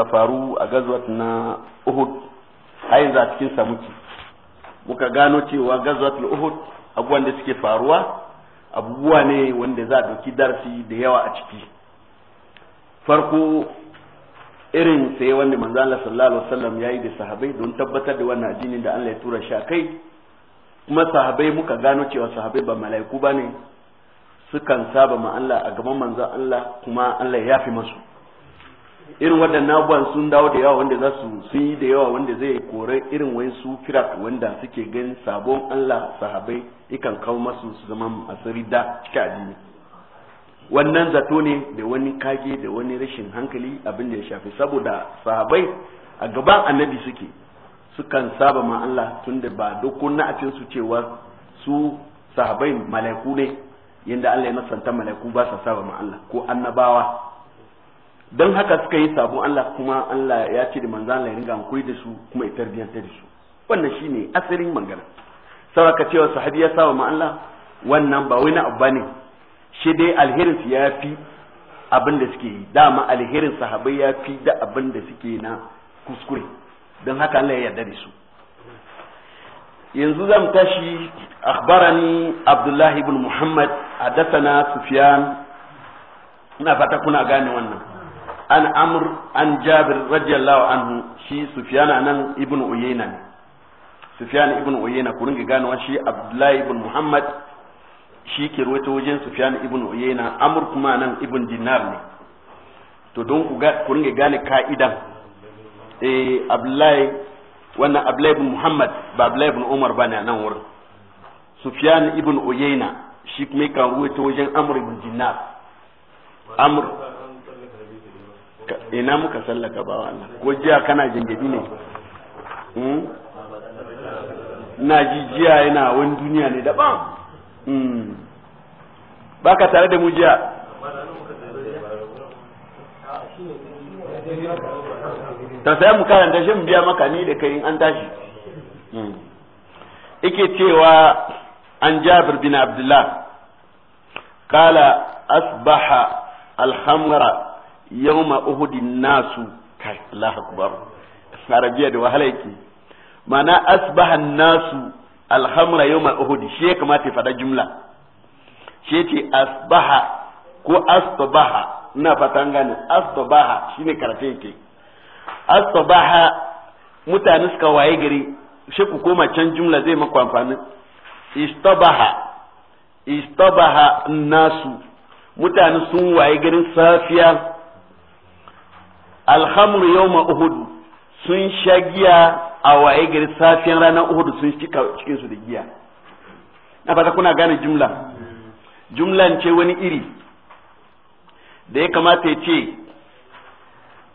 suka faru a gazwat na Uhud a yanzu a cikin sa muke muka gano cewa na Uhud abubuwan da suke faruwa abubuwa ne wanda za a doki darasi da yawa a ciki farko irin sai wanda manzo Allah sallallahu alaihi wasallam yayi da sahabbai don tabbatar da wannan addini da Allah ya tura shi a kai kuma sahabbai muka gano cewa sahabbai ba mala'iku bane sukan saba ma Allah a gaban manzo Allah kuma Allah ya fi masu irin waɗannan abubuwan sun dawo da yawa wanda za su sun yi da yawa wanda zai kore irin wani su firak wanda suke ganin sabon Allah sahabai ikan kawo masu su zama masu rida cikin addini wannan zato ne da wani kage da wani rashin hankali abin da ya shafi saboda sahabai a gaban annabi suke sukan saba ma Allah tunda ba dukkan su cewa su sahabai malaiku ne yadda Allah ya nasanta malaiku ba sa saba ma Allah ko annabawa don haka suka yi sabon Allah kuma Allah ya ce da manzo Allah ya ringa hankuri da su kuma ya tarbiyyanta da su wannan shine asirin magana saboda cewa sahabi ya sawa ma Allah wannan ba wani abu bane shi dai alherin su fi abin da suke yi dama alherin sahabai fi da abin da suke na kuskure don haka Allah ya yarda da su yanzu zan tashi akhbarani Abdullahi ibn Muhammad na Sufyan ina fata kuna gane wannan an amr an jabir radiyallahu anhu shi sufyana nan ibn uyayna ne sufyan ibn uyayna ku ringa ganowa shi abdullahi ibn muhammad shi ke ruwaito wajen sufyan ibn uyayna amr kuma nan ibn dinar ne to don ku ku ringa gane ka'idan eh abdullahi wannan abdullahi ibn muhammad ba abdullahi ibn umar bane a nan wurin sufyan ibn uyayna shi kuma kan ruwaito wajen amr ibn dinar amr ina muka sallaka ba wannan ko jiya kana jingidi ne hmm? na ji jiya yana wani duniya ne daban hmm. ba ka tare da mu jiya ta sai mu karanta shi mu biya maka ni da kai in an tashi hmm. ike cewa an jabir bin abdullah kala asbaha alhamra yawma uhudin nasu kai Allah akbar arabiya da wahala yake ma'ana asbaha nasu alhamra yawma uhud shi ya kamata ya fada jumla shi yace asbaha ko asbaha ina fatan gane asbaha shine karfe yake asbaha mutane suka waye gari shi ku koma can jumla zai maku amfani istabaha istabaha nasu mutane sun waye garin safiya alhamru yawma uhud sun sha giya a waye gari safiyan ranar uhud sun cika cikin su da giya na fata kuna gane jumla jumla ce wani iri da ya kamata ya ce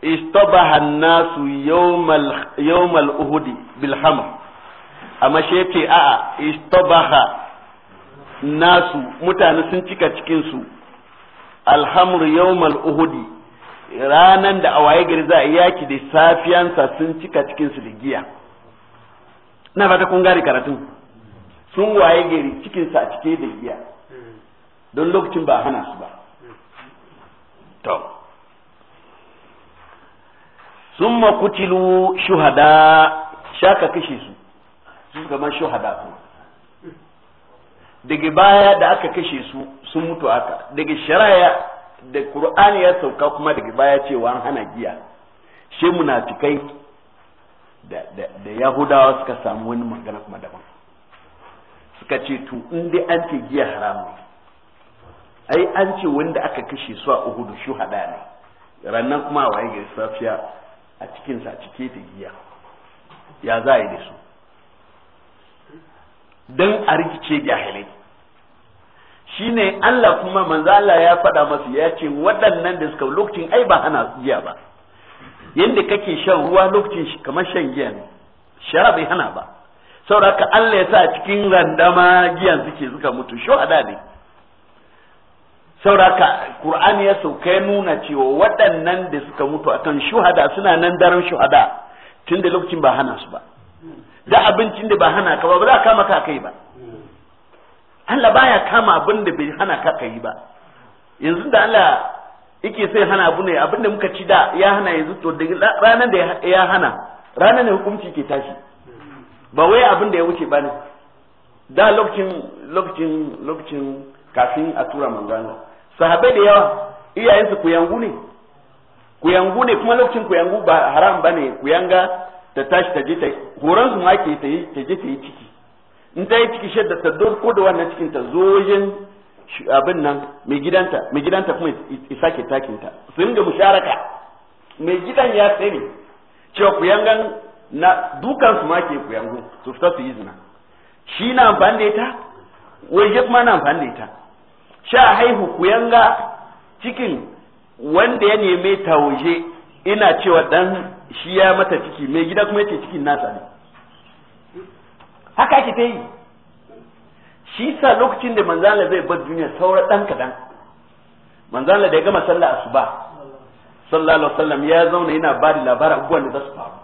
istabaha nasu yawmal uhudi bil hamr amma shi yace a'a istabaha nasu mutane sun cika cikin su alhamru yawmal uhudi ranan da awaye gari za a yaki da safiyansa sun cika cikin su da giya na fata kun gari karatun sun waye gari cikin sa cike da giya don lokacin ba hana su ba to summa kutilu shuhada shaka kashe su su zama shuhada kuma daga baya da aka kashe su sun mutu haka daga shari'a. da Qur'ani ya sauka kuma daga baya cewa an hana giya shi munafikai da da Yahudawa suka samu wani magana kuma daban suka ce to in dai an ce giya ne ai an ce wanda aka kashe su a Uhud hada ne rannan kuma waye gari safiya a cikin sa cike da giya ya za a yi da su dan a rikice jahilai shine Allah kuma manzo Allah ya faɗa masa ya ce waɗannan da suka lokacin ai ba ana giya ba yadda kake shan ruwa lokacin kamar shan giya ne shara bai hana ba saboda haka Allah ya sa cikin randama giyan suke suka mutu shuhada ne saboda haka Qur'ani ya sauka ya nuna cewa waɗannan da suka mutu akan shuhada suna nan daren shuhada tunda lokacin ba hana su ba da abincin da ba hana ka ba ba za ka maka kai ba Allah baya kama abin da bai hana ka kai ba yanzu da Allah yake sai hana abu ne abin da muka ci da ya hana yanzu to ranar da ya hana ranar ne hukunci ke tashi ba wai abin da ya wuce ba ne da lokacin lokacin lokacin kafin a tura mangana sahabai da yawa iyayensu kuyangu ne kuyangu ne kuma lokacin kuyangu ba haram ba ne kuyanga ta tashi ta je ta horon su ma ke ta je ta yi ciki in ta yi ciki shadda ta ko da wannan cikin ta zojen abin nan mai gidanta mai gidanta kuma ya sake takinta su ringa musharaka mai gidan ya sani cewa kuyangan na dukan su ma ke kuyangu su fita su yi zina shi na amfani da ita waje kuma na amfani da ita sha haihu kuyanga cikin wanda ya neme ta waje ina cewa dan shi ya mata ciki mai gida kuma yake cikin nasa ne haka ake ta yi shi sa lokacin da manzala zai bar duniya saura dan kadan manzala da ya gama sallah asuba sallallahu alaihi wasallam ya zauna yana ba da labarin abubuwan da za su faru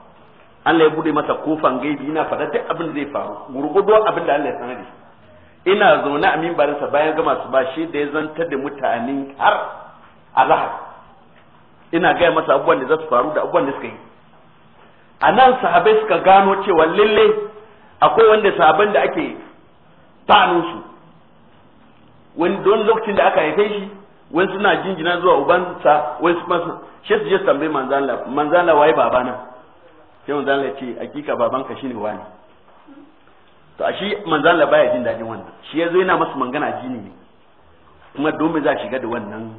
Allah ya bude masa kofan gaibi yana faɗa duk abin da zai faru gurgudo abin da Allah ya sanar da shi ina zaune a mimbarinsa bayan gama su ba shi da ya zantar da mutanen har azhar ina gaya masa abubuwan da za su faru da abubuwan da suka yi a nan suka gano cewa lalle akwai wanda sabon da ake tano su wani don lokacin da aka haife shi wani suna jinjina zuwa ubansa wani su masu shi su je su tambayi manzala manzala waye babana sai manzala ce hakika babanka shine wani to shi manzala baya jin dadin wannan shi yazo yana masu mangana jini ne kuma domin za a shiga da wannan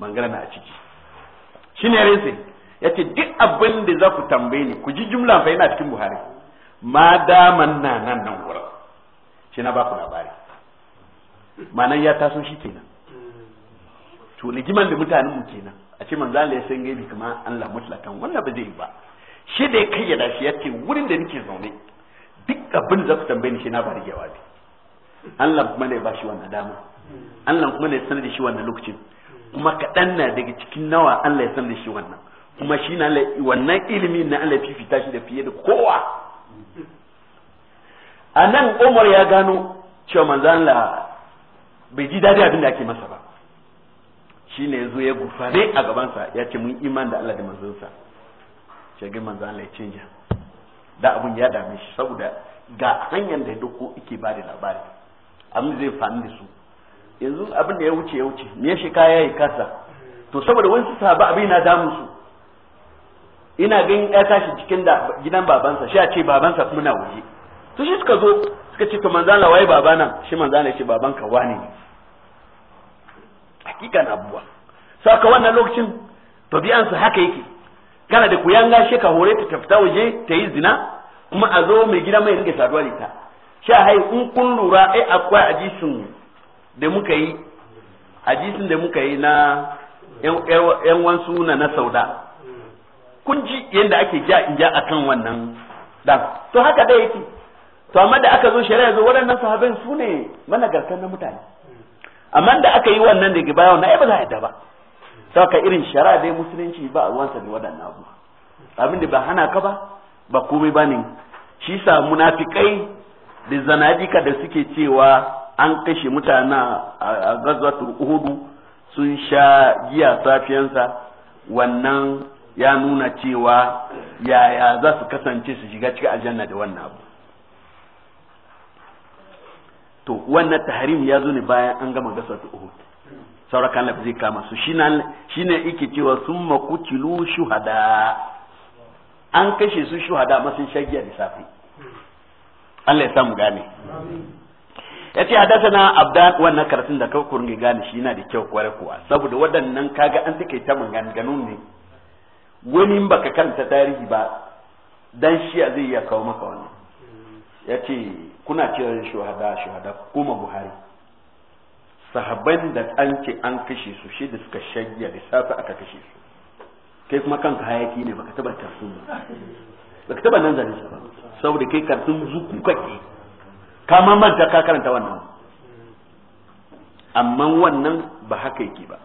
mangana a ciki shine rinse yace duk abin da za ku tambaye ni ku ji jumla fa yana cikin buhari ma daman na nan nan wurin shi na baku labari ma'anar ya taso shi kenan to ligiman da mutanen mu kenan a ce manzo Allah ya san gaibi kuma Allah mutlakan wannan ba zai yi ba shi da ya kayyada shi ya wurin da nake zaune duk abin da ku tambaye ni shi na ba rigewa ne Allah kuma ne ba shi wannan dama Allah kuma ne sanar da shi wannan lokacin kuma kaɗan na daga cikin nawa Allah ya sanar da shi wannan kuma shi na wannan ilimi na Allah fifita shi da fiye da kowa a nan umar ya gano cewa manzan la bai ji daɗi abin da ake masa ba shi ne ya gufare a gabansa ya ce mun iman da Allah da manzansa shagin manzan la ya canja da abun ya dame shi saboda ga hanyar da ya doko ike ba da labari abin zai fani da su yanzu abin da ya wuce ya wuce me ya shi kaya ya kasa to saboda wani sahaba abin na damu su ina ganin ya tashi cikin da gidan babansa shi a ce babansa kuma na waje to shi suka zo suka ce to manzala Baba nan? shi manzala ce babanka wani ne na abuwa saka wannan lokacin su haka yake kana da kuyanga shi ka hore ta tafita waje ta yi zina kuma a zo mai gida mai rike saduwa da ita sha hai in kun lura ai akwai ajisin da muka yi ajisin da muka yi na yan wansu na na sauda kun ji yadda ake ja in ja akan wannan dan to haka dai yake to amma da aka zo shari'a zo waɗannan sahabbai su ne mana garkar na mutane amma da aka yi wannan da gaba wannan ai ba za a yadda ba saka irin shari'a dai musulunci ba a wansa da waɗannan abu abin da ba hana ka ba ba komai ba ne shi sa munafikai da zanadika da suke cewa an kashe mutane a gazwatul uhudu sun sha giya safiyansa wannan ya nuna cewa yaya za su kasance su shiga cikin aljanna da wannan abu to wannan tahrim ya zo ne bayan an gama gasar ta uhud sauraka Allah zai kama su shi ne yake cewa sun makutilu shuhada an kashe su shuhada masu shagiya da safe Allah ya samu gane ya ce na abdan wannan karatun da kawai kurin gane shi yana da kyau kware kuwa saboda waɗannan kaga an take ta maganganun ne wani in baka karanta tarihi ba dan shi zai iya kawo maka wannan ya ce kuna cewa shuhada shuhada kuma buhari sahabban da an ce an kashe su shi da suka shayya da safe aka kashe su kai kuma kanka hayaki ne baka taba tarsun ba baka taba nan zane ba saboda kai karsun zuku kake ka ma manta ka karanta wannan amma wannan ba haka yake ba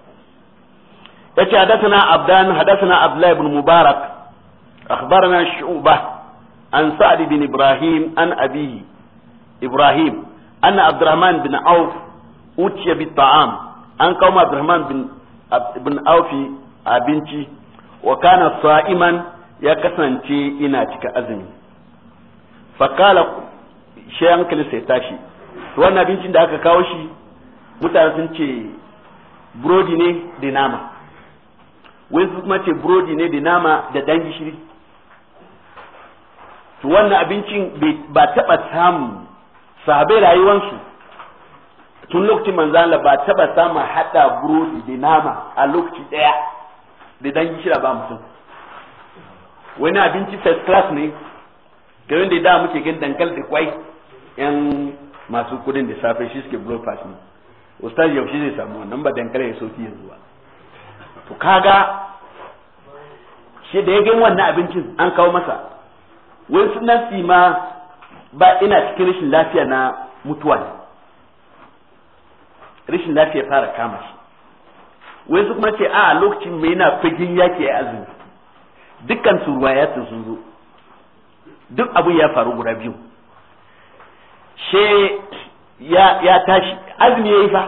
yace hadathana abdan hadathana abdullah ibn mubarak akhbarana shu'bah an sa'd ibn ibrahim an abihi Ibrahim anna Abdurrahman bin Auf utiya bi ta'am an kawo Abdurrahman bin bin abinci wa kana sa'iman ya kasance ina fakala shi hankali sai wannan abincin da aka kawo shi mutane sun ce burodi ne da nama wai kuma ce burodi ne da nama da dan gishiri to wannan abincin ba taba samu sahabai rayuwansu tun lokacin manzan Allah ba taba samun hada burodi da nama a lokaci daya da dan shira ba mutum wani abinci first class ne ga wanda da muke gan dankal da kwai yan masu kudin da safe shi suke breakfast ne ustaz yaushe zai samu wannan ba dankal ya soki yanzu ba to kaga shi da ya gan wannan abincin an kawo masa wani sunan sima ba ina cikin rashin lafiya na mutuwa ne rashin lafiya fara kama shi wai su kuma ce a lokacin mai na fagen yaki ya azumi dukkan ruwa ya sun zo duk abin ya faru guda biyu she ya tashi azumi ya yi fa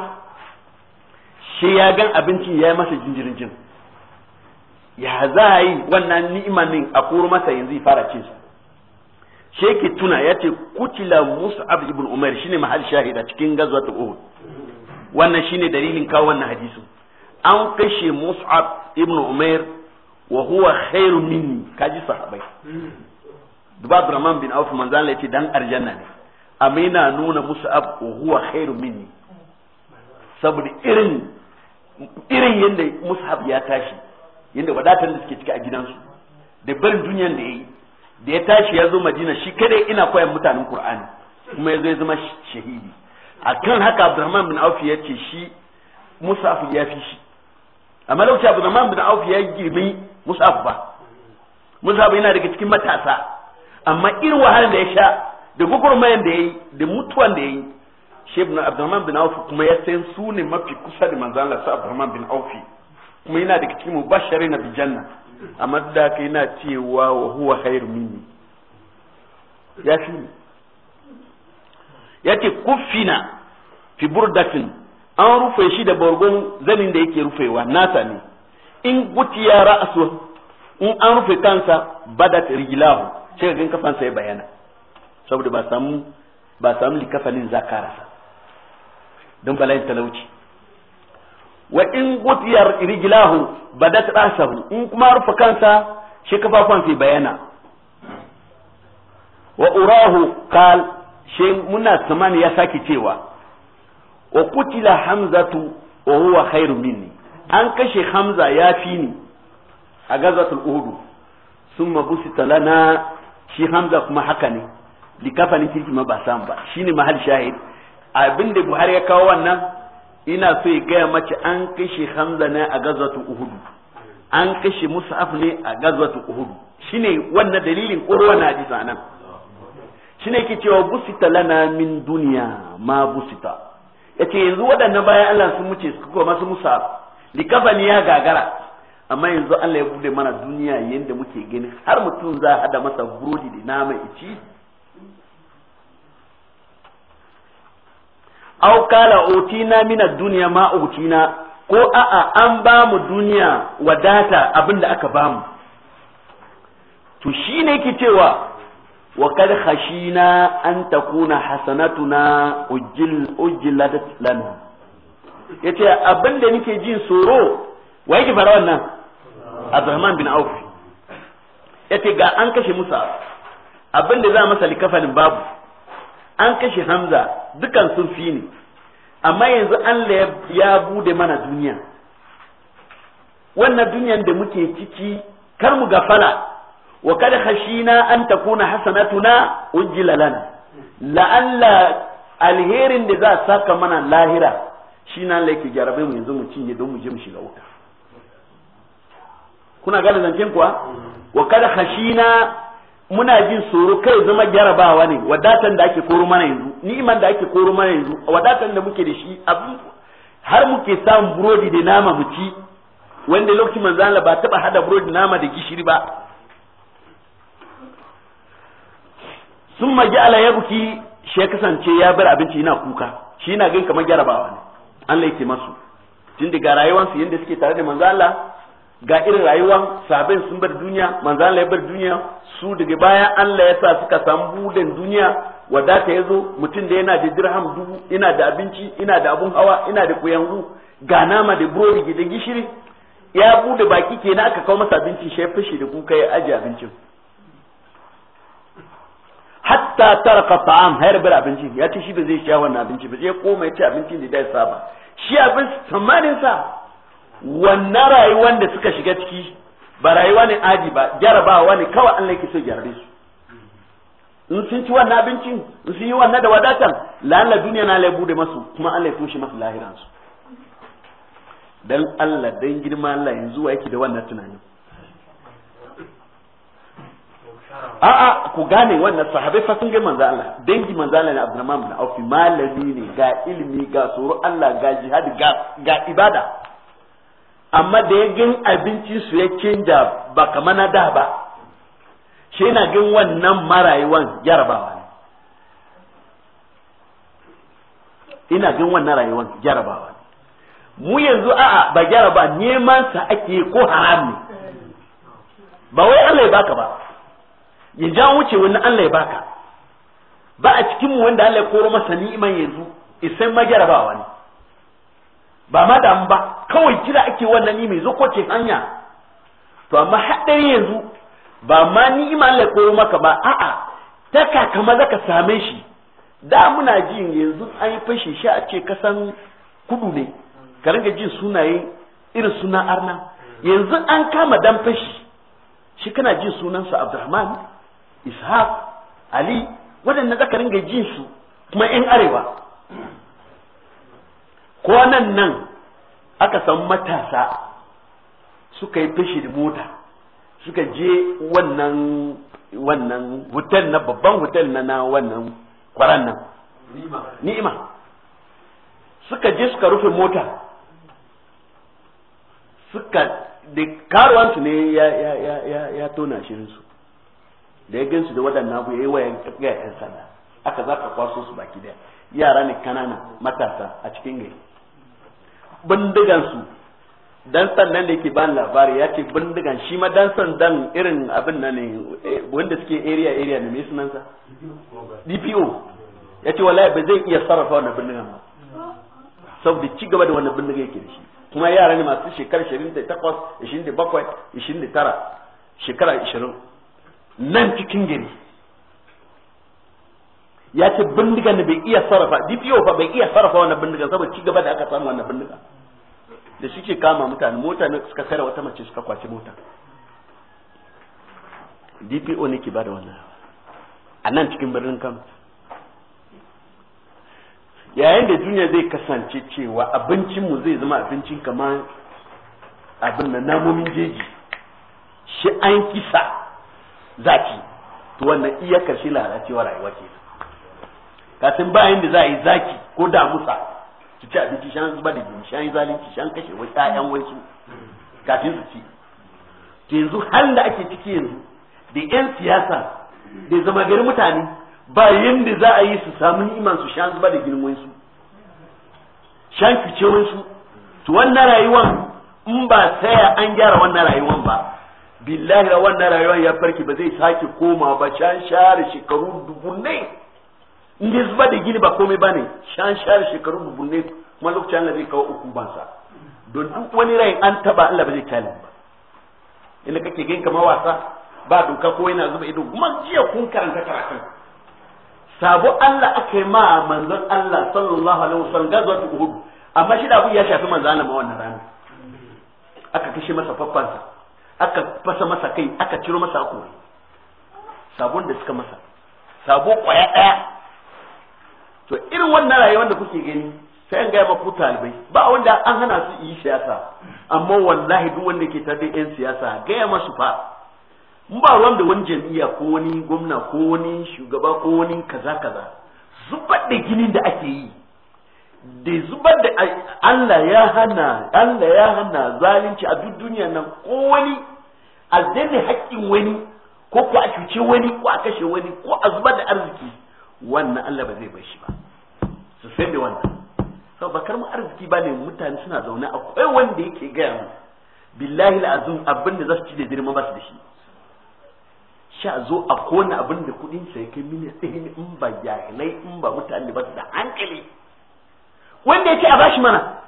she ya gan abincin ya yi masa jinjirin jin ya za a yi wannan ni'imanin a koro masa yanzu ya fara cin shi yake tuna ya ce kutila mus'ab ibn umair shine mahal shahida cikin gazwatul uhud wannan shine dalilin kawo wannan hadisi an kashe mus'ab ibn umair wa huwa khairu minni kaji sahabai duba abdurrahman bin auf manzan Allah yace dan arjanna ne amina nuna mus'ab wa huwa khairu minni saboda irin irin yanda mus'ab ya tashi yanda wadatar da suke ciki a gidansu da barin duniyar da yayi da ya tashi ya zo madina shi kada ina koyan mutanen qur'ani kuma ya zo ya zama shahidi akan haka abdurrahman bin auf ya ce shi mus'af ya fi shi amma lokacin abdurrahman bin auf ya girmi mus'af ba mus'af yana daga cikin matasa amma irin wahalar da ya sha da gugurmayan da ya yi da mutuwan da ya yi shi abdurrahman bin auf kuma ya san su ne mafi kusa da manzon Allah sa abdurrahman bin auf kuma yana daga cikin mubashirin na bijanna amma da kai na cewa wa huwa khairu minni ya fi yace kufina fi burdatin an rufe shi da bargon zanin da yake rufewa nasa ne in gutiya ra'asu in an rufe kansa badat rijilahu sai ga kafansa ya bayana saboda ba samu ba samu likafalin zakarasa don bala'in talauci wa in gutiyar rijlahu badat rasahu in kuma rufe kansa shi kafafan sai bayana wa urahu qal shi muna tsamani ya saki cewa wa kutila hamzatu wa huwa khairu minni an kashe hamza ya fi ni a gazatul uhud summa busita lana shi hamza kuma haka ne likafanin kirki ma ba samu ba shine mahal shahid abinda buhari ya kawo wannan ina so ya gaya mace an kashe hamza ne a gazwatu uhudu an kashe mus'af ne a gazwatu uhudu shine wannan dalilin kurwa na ji sanan shine yake cewa busita lana min duniya ma busita yace yanzu waɗannan bayan Allah sun muce su kuma masu mus'af kafani ya gagara amma yanzu Allah ya bude mana duniya yanda muke gani har mutum za a hada masa burodi da nama ici aw kala utina min ad-dunya ma utina ko a'a an ba mu duniya wadata abinda aka ba mu to shine yake cewa wa kad khashina an takuna hasanatuna ujil ujilat lana yace abinda nake jin tsoro wa yake fara wannan Abdurrahman bin Auf yace ga an kashe Musa abinda za masa likafalin babu an kashe hamza dukan sun fi ne amma yanzu Allah ya bude mana duniya wannan duniyan da muke ciki kar mu gafala wa kada khashina an takuna hasanatuna ujjila lana la'alla alherin da za a saka mana lahira shi nan laiki jarabe mu yanzu mu cinye don mu je mu shiga wuta kuna gane zancen kuwa wa kada khashina muna jin tsoro kai zama jarabawa ne wadatan da ake koro mana yanzu ni'iman da ake koro mana yanzu wadatan da muke da shi abin har muke samun burodi da nama mu ci wanda lokacin manzo Allah ba taba hada burodi nama da gishiri ba sun maji ala ya buki shi ya kasance ya bar abinci yana kuka shi yana gan kamar jarabawa ne Allah yake masu tun daga rayuwarsu yadda suke tare da manzo Allah ga irin rayuwa sabin sun bar duniya manzo Allah ya bar duniya su daga baya Allah ya sa suka samu budan duniya wadata ya zo mutum da yana da dirham dubu ina da abinci ina da abun hawa ina da kuyangu ga nama da burodi gidan gishiri ya bude baki kenan aka kawo masa abinci shi ya fashi da kuka ya aje abincin hatta taraka ta'am har bar abincin ya ce shi ba zai sha wannan abinci ba zai koma ya ci abincin da ya saba shi abin tsammanin sa wannan rayuwar da suka shiga ciki ba rayuwa ne aji ba jarabawa ne kawai Allah yake so jarabe su in sun ci wannan abincin in sun yi wannan da wadatan lalla duniya na lai bude masu kuma Allah ya tushe masu lahiran su dan Allah dan girma Allah yanzu wa yake da wannan tunanin a'a ku gane wannan sahabe fa sun ga manzo Allah dangi manzo Allah ne Abdurrahman bin Auf malami ne ga ilimi ga tsoro Allah ga jihad ga ibada amma da ya gan abinci su ya canja ba kama na da ba shi yana gan wannan marayuwan jarabawa ne ina gan wannan rayuwan jarabawa ne mu yanzu a'a ba jaraba neman sa ake ko haram ne ba wai Allah ya baka ba ya ja wuce wani Allah ya baka ba a cikin mu wanda Allah ya koro masa ni'iman yanzu isai ma jarabawa ne ba ma damu ba kawai kira ake wannan ni mai zokocin hanya to amma haɗari yanzu ba ma ni iman la koyo maka ba a'a ta kama maza ka same shi da muna jin yanzu an yi fashe shi a ce kasan kudu ne ka ringa jin sunaye irin suna arna yanzu an kama dan fashi shi kana jin sunansa abdurrahman ishaq ali waɗannan zaka ringa jin su kuma yan arewa ko nan nan aka san matasa suka yi fashi da mota suka je wannan wannan hotel na babban hotel na na wannan kwaran nan ni'ima suka je suka rufe mota suka da karuwansu ne ya ya ya ya ya tona shirinsu da ya gansu da waɗannan abu ya yi wayan tafiya 'yan sanda aka za ka kwaso su baki daya yara ne kanana matasa a cikin gari su dan sandan da yake ba labari ya ce bindigan shi ma dan dan irin abin nan ne eh, wanda suke area area ne mai sunansa DPO ya ce wallahi ba zai iya sarrafa wannan bindigan ba saboda ci gaba da wannan bindiga yake da shi kuma yara ne masu shekara 28 27 29 shekara 20 nan cikin gari ya ce bindigan da bai iya sarrafa DPO fa bai iya sarrafa wannan bindigan saboda ci gaba da aka samu wannan bindigan da suke kama mutane mota ne suka kare wata mace suka kwace mota DPO ne ke ba da wannan a nan cikin birnin kan yayin da duniya zai kasance cewa abincinmu zai zama abincin kamar abin da namomin jeji shi an kisa zaki to wannan iya karshe lalacewa rayuwa kenan kasan ba da za a yi zaki ko da musa su ci abinci shan zuba da jini shan zalunci shan kashe wani ƴaƴan wasu kafin su ci to yanzu har da ake ciki yanzu da yan siyasa da zama gari mutane ba da za a yi su samu ni'iman su shan zuba da jini wasu shan fice wasu to wannan rayuwan in ba saya an gyara wannan rayuwan ba billahi wannan rayuwan ya farki ba zai sake koma ba can share shekaru dubu ne in dai zuba da gini ba komai ba ne shan share shekaru ne kuma lokacin Allah zai kawo uku bansa don duk wani rai an taba Allah ba zai kyale ba inda kake gani kamar wasa ba doka ko yana zuba ido kuma jiya kun karanta karatun sabo Allah aka yi ma manzon Allah sallallahu alaihi wasallam gazwatu uhud amma shi da abu ya shafi manzon Allah ma wannan rana aka kashe masa faffansa aka fasa masa kai aka ciro masa hakuri sabon da suka masa sabo kwaya daya to irin wannan rayuwar da kuke gani sai an gaya ku talibai ba wanda an hana su yi siyasa amma wallahi duk wanda ke tare yan siyasa gaya masu fa in ba ruwan da wani jam'iyya ko wani gwamna ko wani shugaba ko wani kaza kaza zubar da ginin da ake yi da zubar da Allah ya hana Allah ya hana zalunci a duk duniya nan ko wani a haƙƙin wani ko ko a cuce wani ko a kashe wani ko a zubar da arziki wannan Allah ba zai bar shi ba su sai da wannan to bakar mu arziki ba ne mutane suna zaune akwai wanda yake gaya mu billahi la'azum abin da za su ci da girma ba su da shi sha zo a kona abin da kudin sai kai mini ɗaya in ba jahilai in ba mutane ba su da hankali wanda yake a bashi mana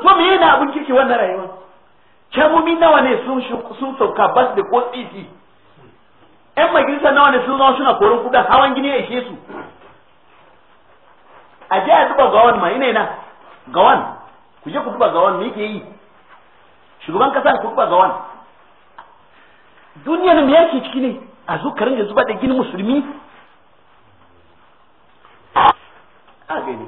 ko me yana abin kirki wannan rayuwa kyamomi nawa ne sun sauka bas da ko tsitsi 'yan majalisa nawa ne sun zama suna korin kudin hawan gini ya ishe su a je a duba gawan ma ina ina gawan ku je ku duba gawan me yake yi shugaban kasa ku duba gawan duniyar me yake ciki ne a zo karin da zuba da gini musulmi a gani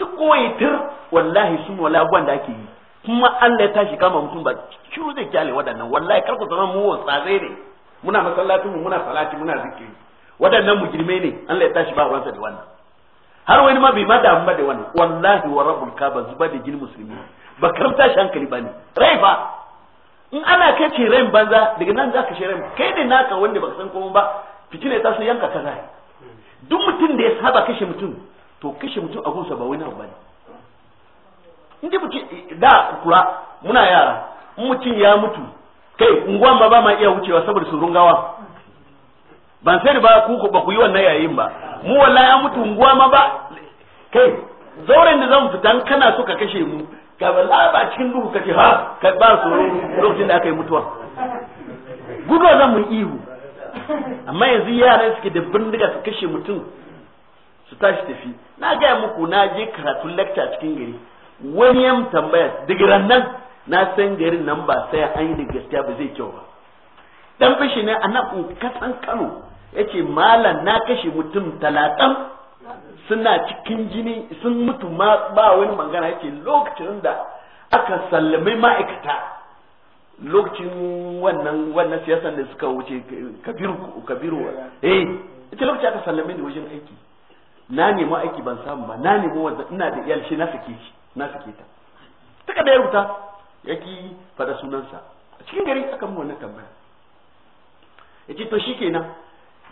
duk kowai tur wallahi sun wala abubuwan da ake yi kuma Allah ya tashi kama mutum ba ciwo zai kyale waɗannan wallahi kar ku zama mu zai ne muna masallacin mu muna salati muna zikiri waɗannan mujrimai ne Allah ya tashi ba ruwansa da wannan har wani ma bai ma da ba da wannan wallahi wa rabbul kaba zuba da jin musulmi ba karanta shi hankali ba ne rai fa in ana kai ce rai banza daga nan za ka shi rai kai ne naka wanda baka san komai ba fitina ya taso yanka kaza duk mutum da ya saba kashe mutum to kashe mutum a gunsa ba wani abu bane in dai da kura muna yara in mutum ya mutu kai unguwan ba ba ma iya wucewa saboda surun gawa ban sai ba ku ba ku yi wannan yayin ba mu wallahi an mutu unguwa ma ba kai zauren da zan fita kana so ka kashe mu ga wallahi ba cikin duhu kace ha ka ba su lokacin da aka yi mutuwa gudu zan mu ihu amma yanzu yaran suke da bindiga su kashe mutum su tashi tafi na gaya muku na je karatun lecture cikin gari wani ya tambaya digiran nan na san garin nan ba sai an yi gaskiya ba zai kyau ba dan fishi ne a nan kasan kano ya ce malam na kashe mutum talatan suna cikin jini sun mutu ma ba wani magana ya ce lokacin da aka sallame ma'aikata lokacin wannan wannan siyasan da suka wuce kabiru kabiru eh ita lokacin aka sallame ni wajen aiki na nemi aiki ban samu ba na nemi wanda ina da iyal shi na sake shi na sake ta taka da ya rubuta yaki fada sunansa a cikin gari aka mu wannan tambaya yace to shikenan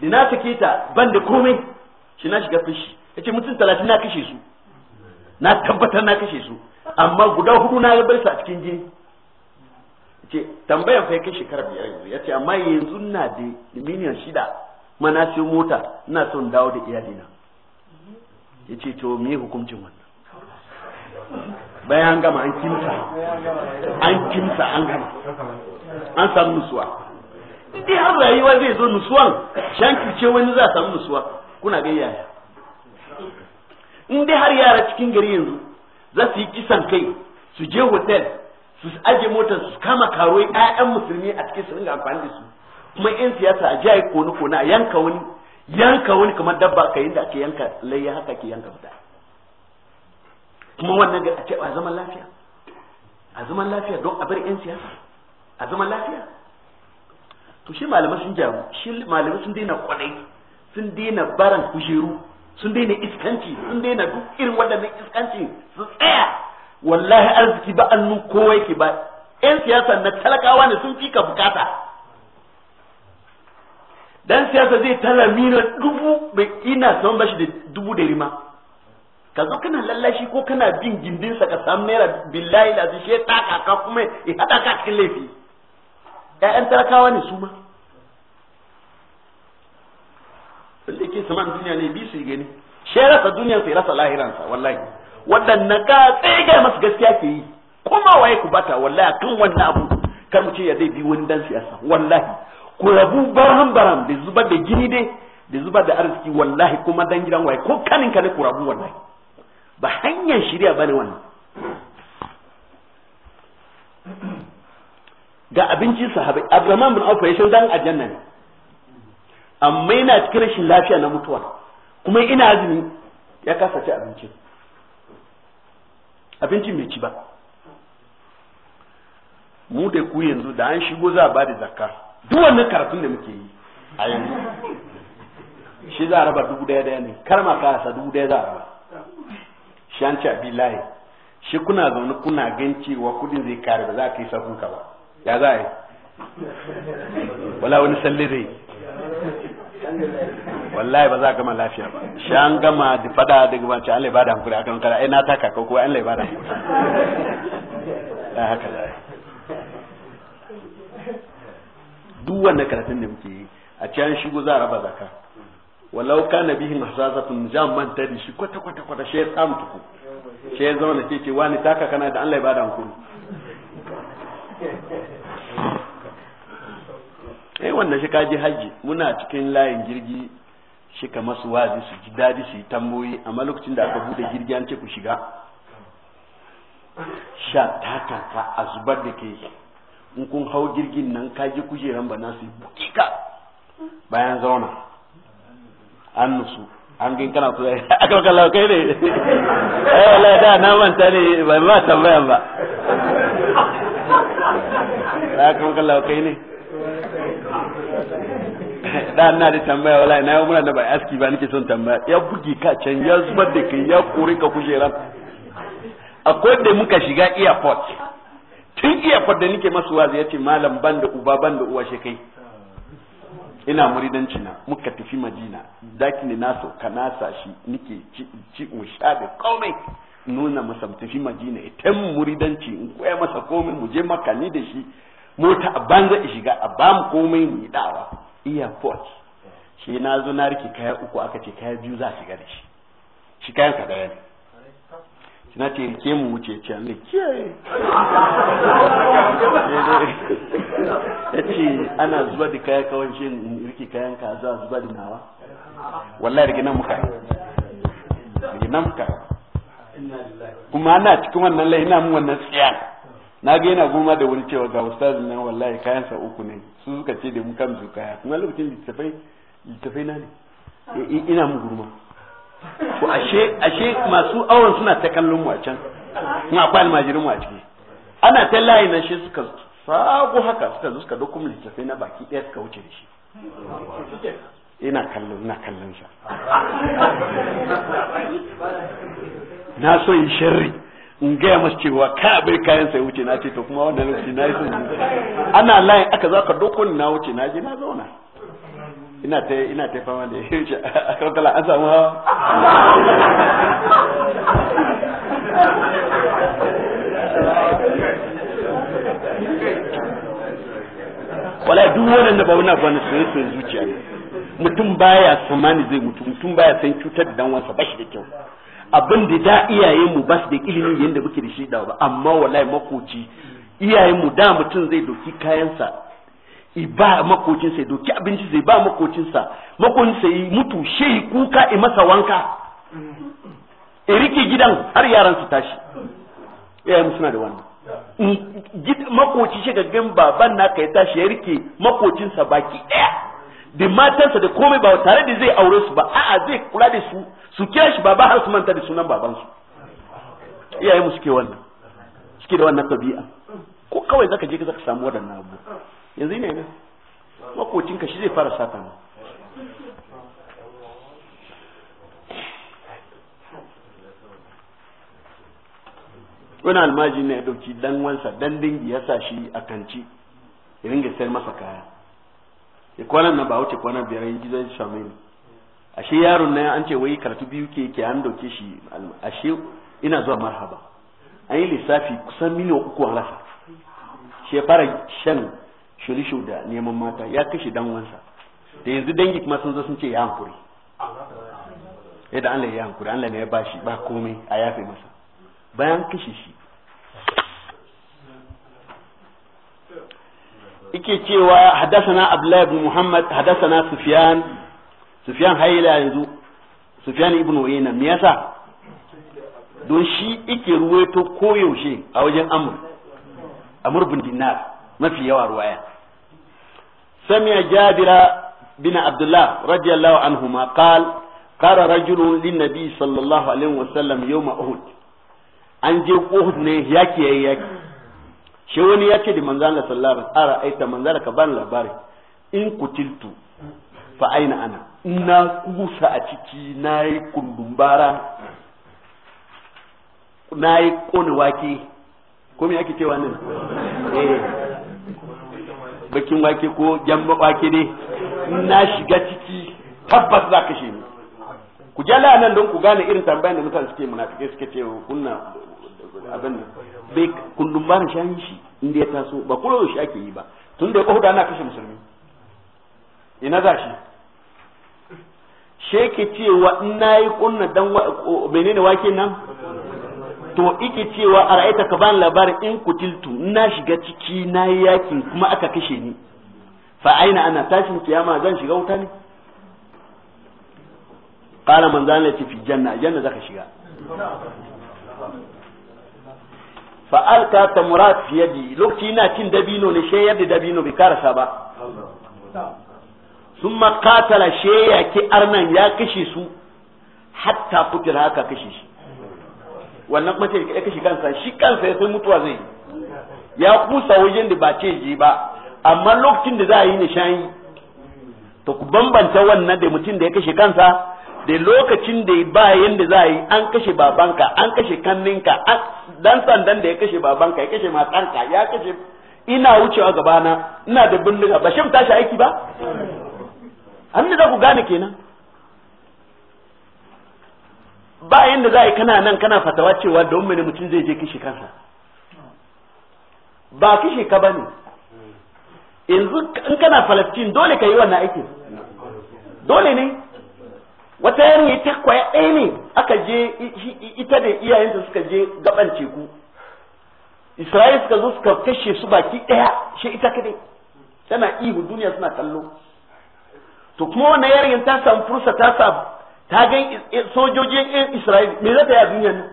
da na take ta ban da komai shi na shiga fushi yace mutum talatin na kashe su na tabbatar na kashe su amma guda hudu na bar su a cikin jini ce tambayan fa ya kai shekara biyar yanzu ya amma yanzu na da miliyan shida mana sai mota ina son dawo da iyalina ya ce to me hukuncin wannan bayan an gama an kimsa an kimsa an gama an samu nusuwa dai har rayuwa zai zo nusuwan shanki ce wani za a samu nusuwa kuna ga yaya in har yara cikin gari yanzu za su yi kisan kai su je hotel su aje motar su kama karo ƴaƴan musulmi a cikin su dinga amfani da su kuma yan siyasa a ji yi kone kone a yanka wani yanka wani kamar dabba ka yi da ake yanka layya haka ke yanka fita kuma wannan ga a ce a zaman lafiya a zaman lafiya don a bar yan siyasa a zaman lafiya to shi malamai sun jamu, shi malamai sun daina kwadai sun daina baran kujeru sun daina iskanci sun daina duk irin waɗannan iskanci su tsaya wallahi arziki ba annu kowa yake ba yan siyasa na talakawa ne sun fika bukata dan siyasa zai tara miliyan dubu bai ina son bashi da dubu da rima ka zo kana lallashi ko kana bin gindin sa ka samu naira billahi da zai shi taka ka kuma ya hada ka cikin laifi ƴaƴan talakawa ne su ma wanda ke saman duniya ne bi su gani shi rasa duniyan sai rasa lahiransa wallahi waɗannan ka tsega masu gaskiya ke yi kuma waye ku bata wallahi kan wannan abu kar mu ce ya zai bi wani dan siyasa wallahi ku rabu baran baran da zubar da gini dai da zubar da arziki wallahi kuma dan gidan waye ko kanin ka ne ku rabu wallahi ba hanyar shirya bane wannan ga abinci sahabai abdurrahman bin auf ya shan, dan aljanna ne amma yana cikin rashin lafiya na mutuwa kuma ina azumi ya kasa ci abinci abincin bai ci ba mu da ku yanzu da an shigo za a ba da zakka duk wannan karatun da muke yi a yanzu shi za a raba dubu daya daya ne kar ma kasa dubu daya za a raba shan ci billahi shi kuna zaune kuna gan cewa kudin zai kare ba za a kai sabon ka ba ya za a yi wala wani salli zai wallahi ba za a gama lafiya ba shi an gama da fada da gabanci an da hankuri kan kara ai na taka ko kuwa an laibada hankuri da haka za a yi duk wannan karatun da muke yi a cikin shigo za a raba zakar walau na bihin hasasatun jam man tadi shi kwata kwata kwata shi ya samu tuku shi ya zauna ce ce wani taka kana da Allah ya bada hankuri eh wannan shi kaji haji muna cikin layin jirgi shi ka masu wazi su ji dadi su yi tamboyi amma lokacin da aka bude jirgi an ce ku shiga sha taka ka a zubar da ke in kun hau jirgin nan kaji kujeran ba na su yi bukika bayan zauna an nusu an gani kana so aka kalla kai ne eh wala da na manta ne ba ma tambaya ba aka kalla kai ne da na da tambaya wala na yi muna da bai aski ba nake son tambaya ya bugi ka can ya zubar da kai ya kore ka kujeran akwai da muka shiga airport tun airport da nake masu wazi ya ce malam ban da uba ban da uwa shekai ina muridanci na muka tafi madina daki ne na ka nasa shi nike ci sha da komai nuna masa tafi madina ita muridanci in koya masa komai mu je maka ni da shi mota a banza i shiga a mu komai mu yi dawa iya port shi na zo na rike kaya uku aka ce kaya biyu za a shiga da shi shi kayan ka daya na ce ke mu wuce ce ne ke ya ce ana zuba da kaya kawai shi rike kayan ka za a zuba da nawa wallahi rike nan muka rike muka kuma ana cikin wannan lai na mu wannan tsiya na ga yana goma da wani cewa ga ustaz nan wallahi kayan sa uku ne su suka ce da mu kan su kaya kuma lokacin littafai littafai na ne e, e, ina mu gurma ko ashe ashe masu awon suna ta kallon wacan a akwai almajirin mu a ana ta layi nan shi suka sago haka suka zo suka dokun littafi na baki ɗaya suka wuce da shi ina kallon ina kallon sa na so yi sharri in gaya masu cewa ka bai kayan sai wuce na ce to kuma wannan lokaci na yi sun ana layi aka za ka dokon na wuce na je na zauna ina ta ina ta fama da shi a kankala an samu hawa wala duk waɗanda ba wani abu ne soyayya soyayya zuciya mutum baya tsammani zai mutu mutum baya san cutar da dan wasa ba shi da kyau abin da da iyayen mu ba su da ilimi yadda muke da shi da ba amma wallahi makoci iyayen mu da mutum zai doki kayansa ba makocinsa ya doki abinci zai ba makocinsa makocinsa ya mutu shi kuka i masa wanka ya rike gidan har yaran su tashi iyayen suna da wannan makoci shi gaggan baban na kai tashi ya rike makocinsa baki daya da matansa da komai ba tare da zai aure su ba a'a zai kula da su su kira shi baba har su manta da sunan babansu Iyaye mu suke wannan suke da wannan tabi'a ko kawai zaka je ka samu wadannan abu yanzu ne nan makocinka shi zai fara sata ma wani almaji ne ya dauki dan wansa dan dingi ya sa shi a kanci ya ringa sayar masa kaya ya kwanan na ba wuce kwanan biyar yin gizo ya ashe yaron na an ce wai karatu biyu ke ke an dauke shi ashe ina zuwa marhaba an yi lissafi kusan miliyan uku an rasa shi fara shan shirishu da neman mata ya kashe dan wansa da yanzu dangi kuma sun zo sun ce ya hankuri yadda eh, Allah ya hankuri Allah ne ya shi ba komai a yafe masa bayan kashe shi ike cewa haddasana Abdullahi ibn Muhammad haddasana Sufyan Sufyan haila yanzu Sufyan ibn Uyayna me yasa don shi ike ruwaito koyaushe a wajen amur amur bin Dinar mafi yawa ruwaya سمع Jabira bin عبد الله anhu الله عنهما قال قال رجل للنبي صلى الله عليه وسلم يوم أهد an je Uhud ne yaki yayi yaki shi wani ya ce manzan Allah sallallahu alaihi wasallam aita manzan ka ban labari in kutiltu fa aina ana na kusa a ciki na yi kundumbara na yi kone wake ko me ake cewa bakin wake ko jan wake ne na shiga ciki tabbas za ka shi ni ku Allah nan don ku gane irin tambayan da mutane suke munafike suke ce kunna abin da bai kullum ba na shayin shi inda ya taso ba kullum shi ake yi ba tun da ya kwahuda ana kashe musulmi ina za shi sheke cewa in na yi kunna dan menene wake nan to ike cewa a ra'aita ka ban labarin in kutiltu na shiga ciki na yakin kuma aka kashe ni fa aina ana tashin kiyama zan shiga wuta ne qala man zan lati fi janna janna zaka shiga fa alka murat fi yadi lokaci ina cin dabino ne she yadda dabino bai karasa ba summa qatala she ki arnan ya kashe su hatta kutira haka kashe shi wannan kuma ya kashi kansa shi kansa ya sai mutuwa zai ya kusa wajen da ba ce ba amma lokacin da za a yi nishani to ku bambanta wannan da mutum da ya kashe kansa da lokacin da ba yanda za a yi an kashe babanka an kashe kanninka dan sandan da ya kashe babanka ya kashe matsanka ya kashe ina wucewa gabana ina da bindiga ba shi tashi aiki ba an da za ku gane kenan ba yadda za a yi kana nan kana fatawa cewa don mene mutum zai je kishi kansa ba kishi ka bane yanzu in kana falastin dole ka yi wannan aikin dole ne wata yarinya ta kwaya ɗaya ne aka je ita da iyayenta suka je gaban teku isra'il suka zo suka kashe su baki ɗaya shi ita kadai tana ihu duniya suna kallo to kuma wannan yarin ta samu fursa ta samu ta gan eh, sojojin Isra'il me zata yi a duniya nan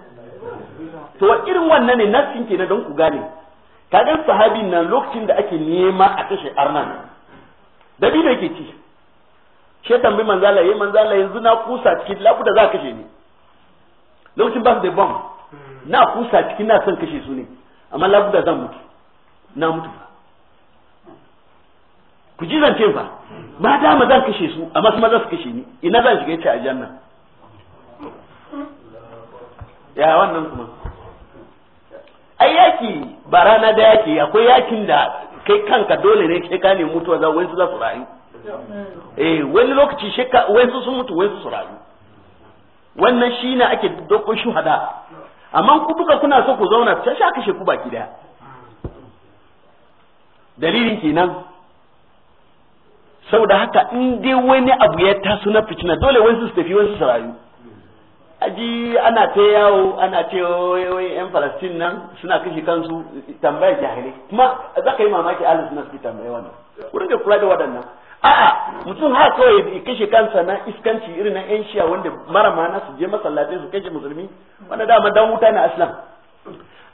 to irin wannan ne nassin ke na don ku gane ka gan sahabin nan lokacin da ake nema a kashe arnan da bi ke ci she tambi manzala yayi eh, manzala yanzu na kusa cikin labuda za kashe ni lokacin ba su da bomb na kusa cikin na son kashe su ne amma labuda zan mutu na mutu ku ji zance fa ba da ma zan kashe su amma su za su kashe ni ina zan shiga yace janna ya wannan kuma ai yaki ba rana da yaki akwai yakin da kai kanka dole ne kai ka ne mutuwa za wani za su rayu eh wani lokaci ka wani sun mutu wani su rayu wannan shi ne ake dokon shuhada amma ku duka kuna so ku zauna ta sha kashe ku baki daya dalilin kenan saboda haka in dai wani abu ya taso na fitina dole wani su tafi wani su rayu aji ana ta yawo ana ce wai yan falastin nan suna kashe kansu tambaya jahili kuma za ka yi mamaki alis na suke tambaya wannan wurin da kula da waɗannan a'a mutum ha kawai ya kashe kansa na iskanci irin na yan shiya wanda mara mana su je masallatai su kashe musulmi wanda dama dan wuta na islam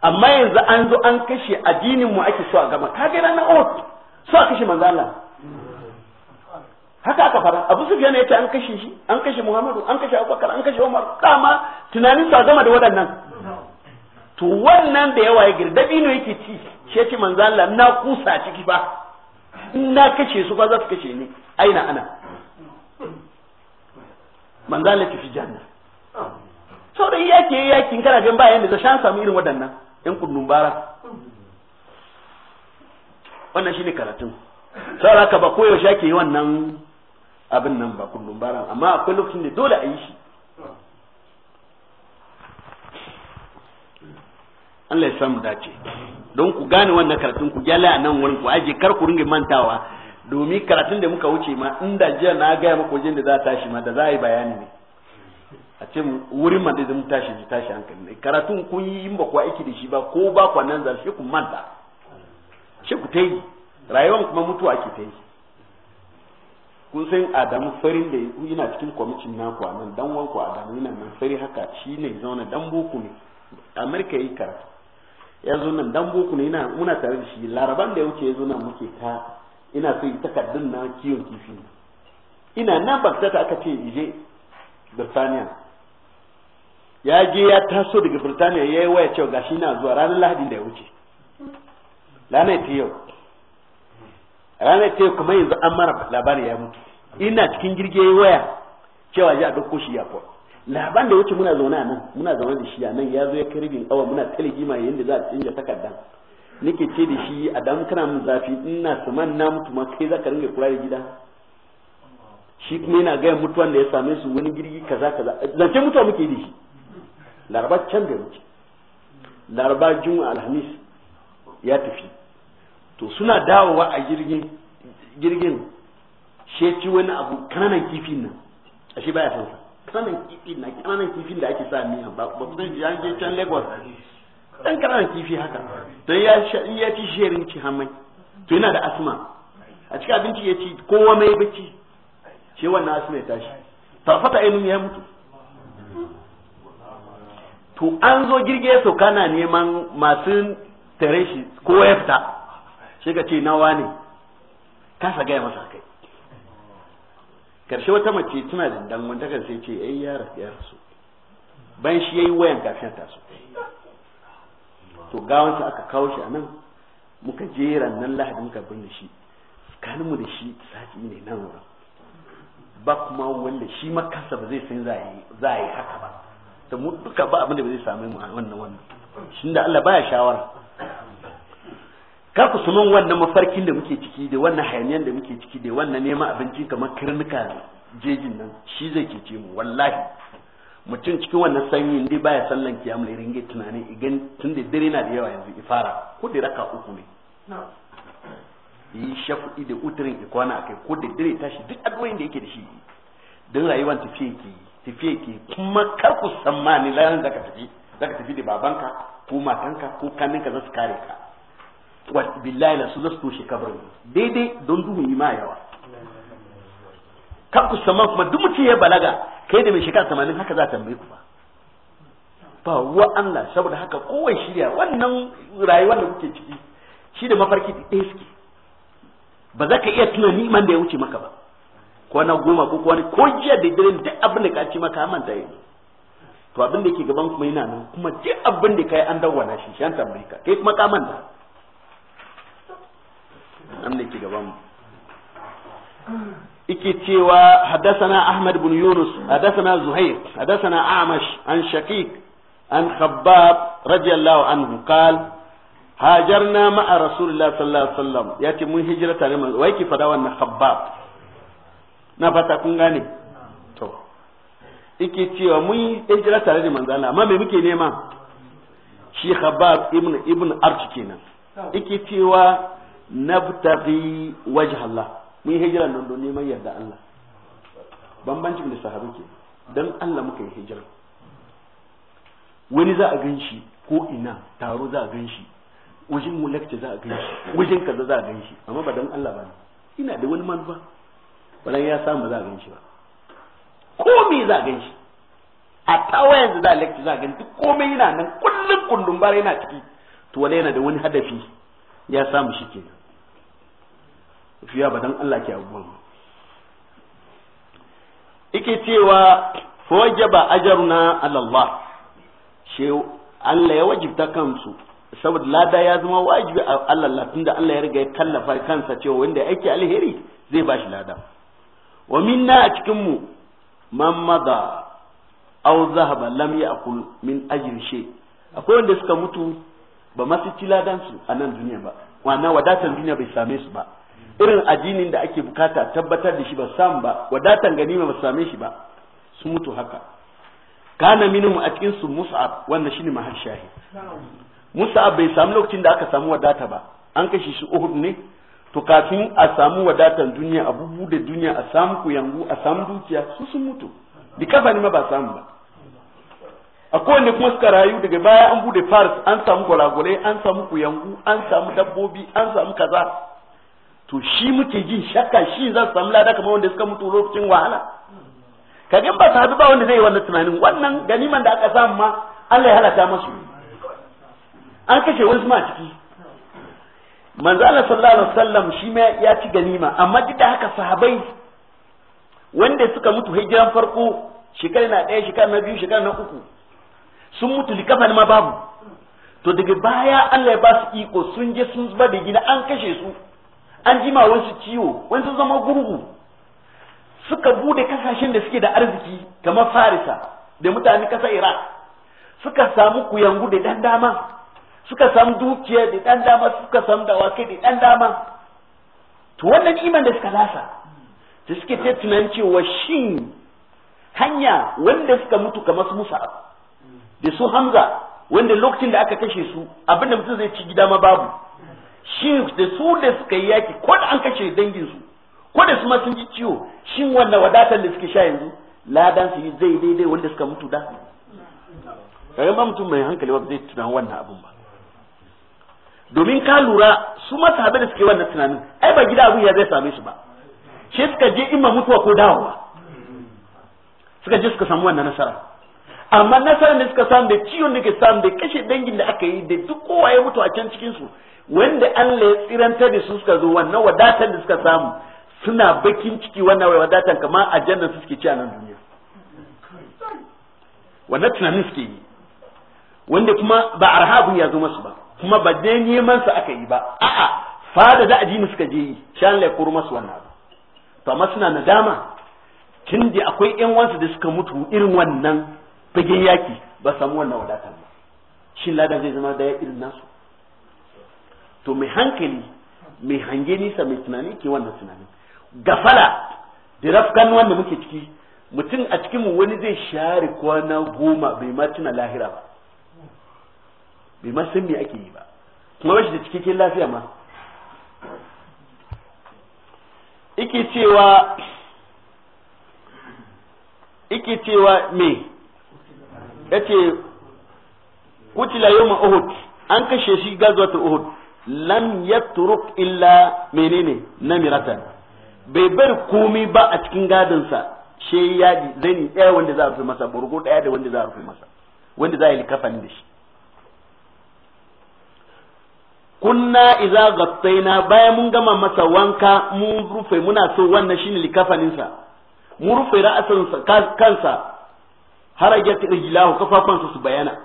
amma yanzu an zo an kashe addinin mu ake so a gama kaga na uhud so a kashe manzo Allah haka aka fara abu su ya ce an kashe shi an kashe muhammadu an kashe abubakar an kashe umar dama tunanin sa gama da waɗannan to wannan da yawa ya gir ne yake ci shi ce manzo Allah na kusa ciki ba in na kashe su ba za su kashe ni aina ana manzo Allah tafi janna sauran yake in kana gan bayan da za shan samu irin waɗannan yan kunnun bara wannan shine karatun saboda haka ba koyaushe ake yi wannan abin nan ba kullum ba amma akwai lokacin da dole a yi shi Allah ya samu dace don ku gane wannan karatun ku gyale a nan wurin ku aje kar ku ringa mantawa domin karatun da muka wuce ma inda jiya na gaya maka wajen da za a tashi ma da za a yi bayani ne a ce wurin ma da zai tashi ji tashi hankali ne karatun kun yi in ba ku aiki da shi ba ko ba ku nan zar ku manta shi ku ta yi rayuwar kuma mutuwa ke ta yi kun san adamu farin da yana cikin kwamitin naku a nan dan wanku adamu yana nan fari haka shi ne zauna dan boku ne amurka yi karatu ya zo nan dan boku ne yana muna tare da shi laraban da ya wuce ya zo nan muke ta ina so yi takardun na kiwon kifi ina nan baktata aka ce ije birtaniya ya je ya taso daga birtaniya ya yi waya cewa gashi na zuwa ranar lahadi da ya wuce ranar ta yau ranar ta yau kuma yanzu an mara labari ya mutu ina cikin jirgin waya cewa ji a dauko shi ya kwa laban da wuce muna zaune a nan muna zaune da shi a nan ya zo ya kai ribin awa muna taligima yayin da za a canja takardan nake ce da shi a dan kana mun zafi ina saman na mutu ma kai zaka ringa kura da gida shi kuma yana gaya mutuwan da ya same su wani girgi kaza kaza zance mutuwa muke da shi laraba can da wuce laraba Juma alhamis ya tafi to suna dawowa a jirgin jirgin shi ci wani abu kananan kifin nan shi baya san sa kananan kifin nan kananan kifin da ake sa miya ba ba kuma ji an je can Lagos dan kananan kifi haka to ya shi ya ci sherin ci hamai to yana da asma a cikin abinci ya ci kowa mai bacci shi wannan asma ya tashi tarfata ainihin ya mutu to an zo girge so kana neman masu tare shi kowa ya fita shi ka ce nawa ne kasa gaya masa kai karshe wata mace tana da dangantakar sai ce ai ya rasu ya rasu ban shi yayi wayan kafin ta su to gawansa aka kawo shi anan muka jera nan lahadin ka binne shi mu da shi sati ne nan wurin ba kuma wanda shi makansa ba zai san za a yi haka ba da mu duka ba abin da ba zai samu mu a wannan wannan Shin da Allah baya shawara ka ku suman wannan mafarkin da muke ciki da wannan hayaniyan da muke ciki da wannan neman abinci kamar karnuka jejin nan shi zai ce mu wallahi mutum cikin wannan sanyi inda baya sallan kiyamu ne ringe tunani igan tun da dare na da yawa yanzu fara ko da raka uku ne yi shafi da uturin ikwana akai ko da dare tashi duk addu'o'in da yake da shi don rayuwar tafiye ke tafiye ke kuma kar ku tsammani layan zaka tafi zaka tafi da babanka ko matanka ko kaninka za su kare ka billahi na su zasu toshe kabarin daidai don duhun yi ma yawa Kan ku man kuma duk mutum ya balaga kai da mai shekara tamanin haka za a tambaye ku ba ba wa Allah saboda haka kowai shirya wannan rayuwar da kuke ciki shi da mafarki ɗaya suke ba za ka iya tuna niman da ya wuce maka ba Ko na goma ko kwana ko jiya da dare duk abin da ka ci maka manta yi to abin da yake gaban kuma yana nan kuma duk abin da kai an dawwana shi shi an tambaye ka kai kuma ka manta nan ne ke gaban mu ike cewa ahmad bin yunus haddathana zuhair haddathana amash an shaqiq an khabbab radiyallahu anhu qal hajarna ma'a rasulullah sallallahu alaihi wasallam yace mun hijira tare mun wai ki fada wannan khabbab na fata kun gane to tare da manzo amma me muke nema shi khabbab ibn ibn arch kenan ike cewa nabtaghi wajha Allah mun hijira nan don neman yarda Allah bambancin da sahabi ke dan Allah muka yi hijira wani za a ganshi ko ina taro za a ganshi wajen mu lakce za a ganshi wajen kaza za a ganshi amma ba dan Allah ba ina da wani manufa balan ya samu za a ganshi ba ko me za a ganshi a tawa yanzu za a lakce za a ganshi komai yana nan kullum kundun bara yana ciki to wala yana da wani hadafi ya samu shi kenan fiya ba dan Allah ke abubuwan ike cewa ajar ajaruna Allah shi Allah ya wajibta kansu saboda lada ya zama wajibi a Allah da Allah ya riga ya kallafa kansa cewa wanda yake alheri zai bashi lada wa minna a cikin mu man madha aw zahaba lam ya'kul min ajri shay akwai wanda suka mutu ba masu ci ladan su a nan duniya ba wannan wadatar duniya bai same su ba irin addinin da ake bukata tabbatar da shi ba samu ba wadatan ganima ba same shi ba su mutu haka kana minum a cikin su mus'ab wannan shine mahar shahi mus'ab bai samu lokacin da aka samu wadata ba an kashe shi uhud ne to kafin a samu wadatan duniya a bubu da duniya a samu kuyangu a samu dukiya su sun mutu bi kafa ne ma ba samu ba a kowanne kuma suka rayu daga baya an bude fars an samu gwalagwalai an samu kuyangu an samu dabbobi an samu kaza to shi muke jin shakka shi zan samu lada kamar wanda suka mutu lokacin wahala gan ba sahabi ba wanda zai yi wannan tunanin wannan ganiman da aka samu ma Allah ya halaka masu an kashe wani ma ciki manzo Allah sallallahu alaihi wasallam shi ma ya ci ganima amma duk da haka sahabbai wanda suka mutu hijiran farko shekara na ɗaya shekara na biyu shekara na uku sun mutu likafan ma babu to daga baya Allah ya ba su iko sun je sun zuba da gida an kashe su an ma wasu ciwo wasu zama gurgu suka bude kasashen da suke da arziki kamar farisa da mutane kasa iraq suka samu kuyangu da dan dama suka samu dukiya da dan dama suka samu dawakai da dan dama to wannan iman da suka lasa da suke ta tunan cewa shin hanya wanda suka mutu kamar su musa da su hamza wanda lokacin da aka kashe su abinda mutum zai ci gida ma babu shi da su da suka yi yaki ko da an kashe dangin su ko da su ma sun ji ciwo shi wannan wadatar da suke sha yanzu ladan su yi zai daidai wanda suka mutu da kaga ba mutum mai hankali ba zai tunan wannan abun ba domin ka lura su ma sahabe da suke wannan tunanin ai ba gida abun ya zai same su ba shi suka je imma mutuwa ko dawowa suka je suka samu wannan nasara amma nasarar da suka samu da ciwon da ke samu da kashe dangin da aka yi da duk kowa ya mutu a can cikin su wanda Allah ya tsiranta da su suka zo wannan wadatar da suka samu suna bakin ciki wannan wadatar kamar janna su suke ci a nan duniya wannan tunanin suke yi wanda kuma ba arhabun ya zo masu ba kuma ba dai neman su aka yi ba a'a fada da ajini suka je yi shan la kuru masu wannan to amma suna nadama tun da akwai yan wansu da suka mutu irin wannan fagen yaki ba samu wannan wadatar ba shin ladan zai zama daya irin nasu to mai hankali mai hange nisa mai tunani ke wannan tunani gafala da rafkan wanda muke ciki mutum a cikin mu wani zai share kwana goma bai ma tuna lahira ba bai ma san me ake yi ba kuma bashi da cikakken lafiya ma ike cewa ike cewa me yace kutila yawm uhud an kashe shi ta uhud lam yatruk illa menene namirata bai bar komai ba a cikin sa she ya zani ɗaya wanda za a rufe masa burgo ɗaya da wanda za a rufe masa wanda za a yi kafan da shi kunna idza ghattaina bayan mun gama masa wanka mun rufe muna so wannan shine likafaninsa mun rufe ra'asan kansa harajat rijlahu kafafansa su bayana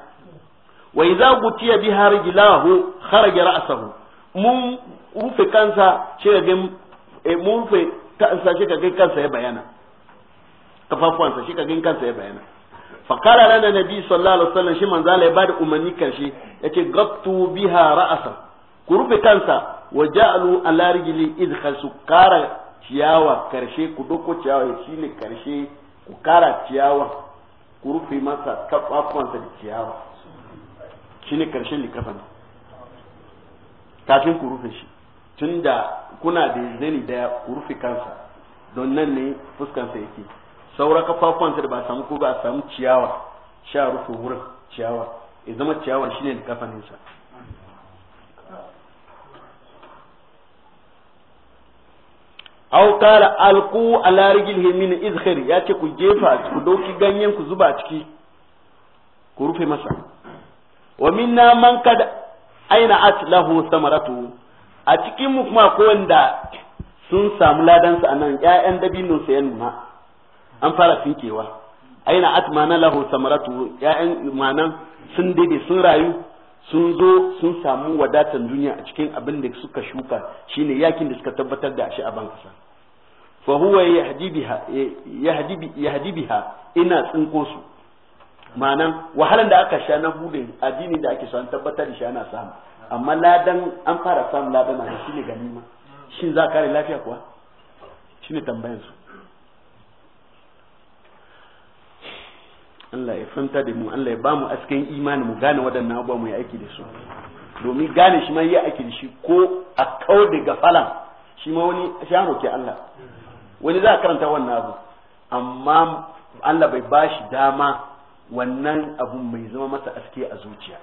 wa idza gutiya bi harjilahu kharaja ra'sahu mun rufe kansa ce ga eh, mun rufe kansa shi ga kansa ya bayana sa shi kagin kansa ya bayana fakara lana nabi sallallahu alaihi wasallam shi manzo Allah ya bada umarni karshe yace gabtu biha ra'asa ku rufe kansa wa ja'alu ala rijli idkhal sukara ciyawa karshe ku doko ciyawa shine karshe ku kara ciyawa ku rufe masa kafafuwansa da ciyawa shi ne karshen likafan kafin ku rufe shi tun da kuna da zani da ya rufe kansa don nan ne fuskansa yake saura kafafuwansa da ba samu ko ba samu ciyawa sha rufe wurin ciyawa ya zama ciyawar da likafaninsa aw qala alqu ala rijlihi min izhir ya ce ku jefa ku ɗauki ganyen ku zuba ciki ku rufe masa wa minna man kad aina at lahu samaratu a cikin mu kuma ko wanda sun samu ladan sa anan ƴaƴan dabino sa yan ma an fara fikewa aina at mana lahu samaratu ƴaƴan manan sun dade sun rayu sun zo sun samu wadatan duniya a cikin abin da suka shuka shine yakin da suka tabbatar da shi a ban kasa fa huwa yahdi biha ina tsinko su ma'anan wahalan da aka sha na bude addini da ake son tabbatar da shi ana samu amma ladan an fara samun ladan a shi ne ganima shin za kare lafiya kuwa shi ne tambayan su Allah ya fanta da mu Allah ya ba mu asken imani mu gane waɗannan abubuwa mu yi aiki da su domin gane shi ma yi aiki da shi ko a kau daga gafalan shi ma wani shi an roƙi Allah wani za a karanta wannan abu amma Allah bai ba shi dama wannan abu mai zama masa aske a zuciya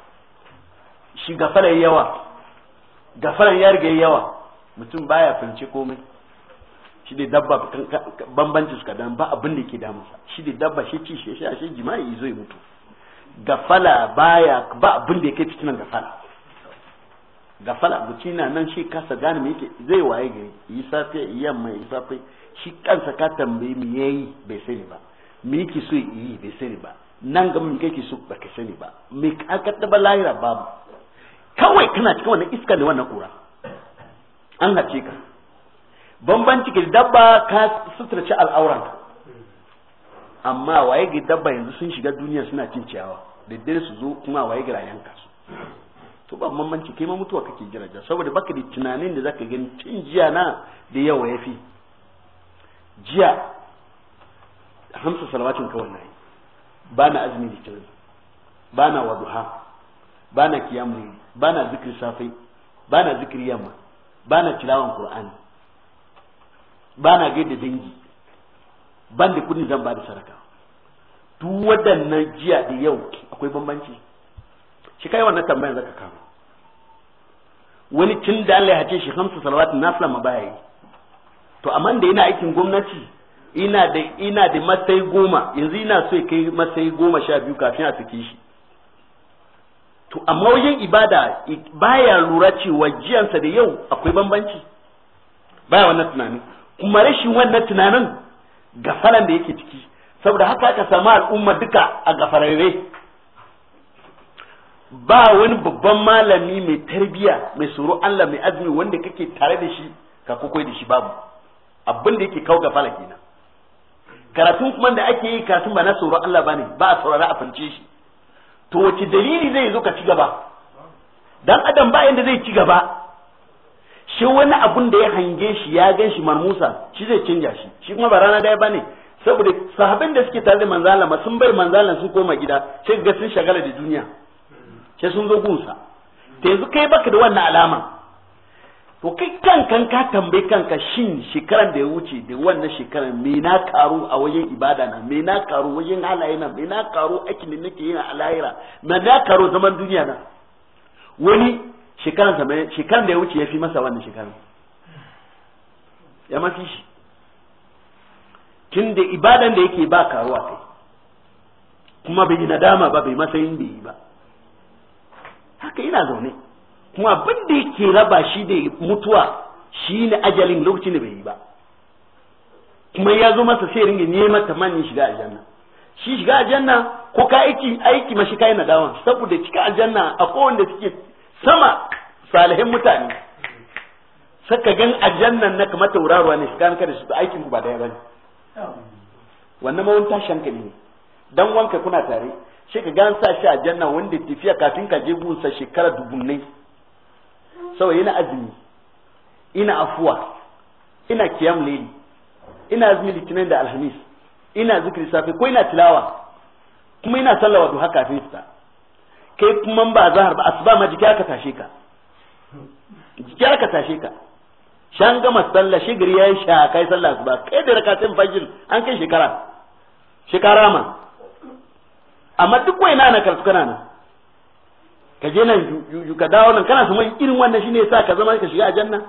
shi gafarar yawa gafarar ya riga yawa mutum baya fince komai shi dai dabba bambancin suka dan ba abin da ke damunsa shi dai dabba shi ci shi shi jima'i zai mutu gafala baya ba abin da yake cikin gafala gafala mutum na nan shi kasa gane me yake zai waye gari yi safiya yi yamma yi safiya shi kansa ka tambayi me yayi bai sani ba me yake so yi bai sani ba nan gaba me kake so ka sani ba me ka kaddaba lahira ba kawai kana cikin wannan iska ne wannan kura an hace ka bambanci ke dabba ka suturci al'auran amma waye ga dabba yanzu sun shiga duniya suna cin ciyawa da dare su zo kuma waye ga rayan ka to ba bambanci kai ma mutuwa kake jira saboda baka da tunanin da zaka gani cin jiya na da yawa yafi jiya hamsa salawatin kawai na yi ba na azumi da kiran ba na waduha ba na kiyamu ba na zikir safai ba na zikir yamma ba na tilawan qur'ani ba na gaida dangi ban da kudin zan ba da sadaka duk waɗannan jiya da yau akwai bambanci shi kai wannan tambayar zaka kawo wani tun da Allah ya ce shi hamsa salawatin nafila ma baya yi to amma da yana aikin gwamnati ina da ina da matsayi goma yanzu ina so ya kai matsayi goma sha biyu kafin a sake shi to amma wajen ibada baya lura cewa jiyansa da yau akwai bambanci baya wannan tunanin kuma rashin wannan tunanin gafaran da yake ciki saboda haka aka samu al'umma duka a gafararre ba wani babban malami mai tarbiya mai tsoro Allah mai azumi wanda kake tare da shi ka kokoi da shi babu abin da yake kau gafala kenan karatun kuma da ake yi karatun ba na tsoro Allah bane ba a saurara a fance shi to wace dalili zai zo ka ci gaba dan adam ba yanda zai ci gaba shi wani abun da ya hange shi ya gan shi marmusa shi zai canja shi shi kuma ba rana daya bane saboda sahabin da suke tare da manzala ma sun bar manzala sun koma gida sai ga sun shagala da duniya sai sun zo gunsa ta yanzu kai baka da wannan alama to kai kankan ka tambayi kanka shin shekaran da ya wuce da wannan shekaran me na karu a wajen ibada na me na karu wajen halaye na me na karu aikin da nake yi na lahira me na karu zaman duniya na wani shekaran sa shekaran da ya wuce ya fi masa wannan shekaran ya mafi shi kin da ibadan da yake ba karuwa kai kuma bai nadama ba bai masa yin bai yi ba haka ina zaune kuma abin da yake raba shi da mutuwa shi ne ajalin lokacin da bai yi ba kuma ya zo masa sai ringa nema tamanin shiga aljanna shi shiga aljanna ko ka aiki aiki mashi kai na dawon saboda cika aljanna a kowanne suke sama salihin mutane saka gan aljannan na kamar tauraruwa ne shiga da su aikin ku ba daya bane wannan ma wani tashi hankali ne dan wanka kuna tare shi ka gan sa shi aljanna wanda tafiya kafin ka je gunsa shekara dubunnai saboda ina azumi ina afuwa ina kiyam lili ina azumi litinin da alhamis ina zikiri safe ko ina tilawa kuma ina sallawa duha kafin fita kai kuma ba zahar ba asuba ma jiki aka tashe ka jiki aka tashe ka shan gama sallah shigiri yayin sha kai sallah asuba kai da rakatun fajr an kai shekara shekara ma amma duk waina na karatu kana nan ka je nan ka dawo nan kana samun irin wannan shine yasa ka zama ka shiga aljanna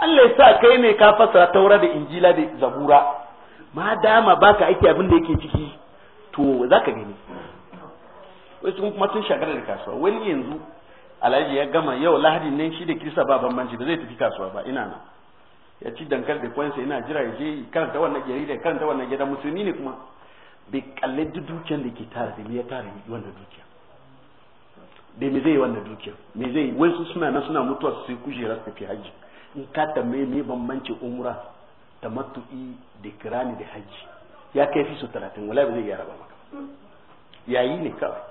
Allah ya sa kai ne ka fasara taura da injila da zabura ma dama baka aiki abin da yake ciki to za ka gani wasu kuma tun shagara da kasuwa wani yanzu alhaji ya gama yau lahadi nan shi da kirista ba bambanci ba zai tafi kasuwa ba ina nan ya ci dankar da kwansa ina jira ya je karanta wannan jarida karanta wannan gidan musulmi ne kuma bai kalli dukiyar da ke tare da ya tare wannan dukiyar dai me zai yi wannan dukiyar me zai yi wasu suna na suna mutuwa su sai kujera su tafi haji in ka tambaye me bambanci umra da matu'i da kirani da haji ya kai fi su talatin wala ba zai gyara ba maka yayi ne kawai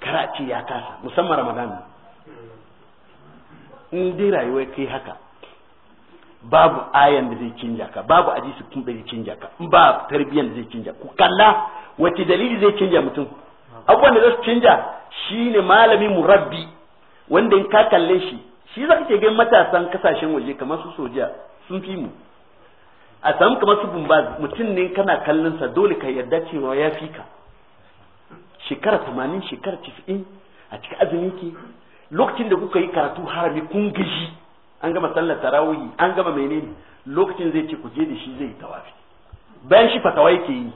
karaci ya kasa musamman ramadan in dai rayuwar kai haka babu ayan da zai canja ka babu hadisi kun zai canja ka in ba tarbiyyar da zai canja ku kalla wace dalili zai canja mutum abubuwan da za su canja shi shine malami rabbi wanda in ka kalle shi shi za ka ke gan matasan kasashen waje kamar su soja sun fi mu a samu kamar su bumbaz mutum ne kana kallon sa dole ka yarda cewa ya fi ka shekara tamanin shekara tis'in a cikin azumi ke lokacin da kuka yi karatu harami kun gaji an gama sallar tarawihi an gama menene lokacin zai ce ku je da shi zai tawafi bayan shi fatawa yake yi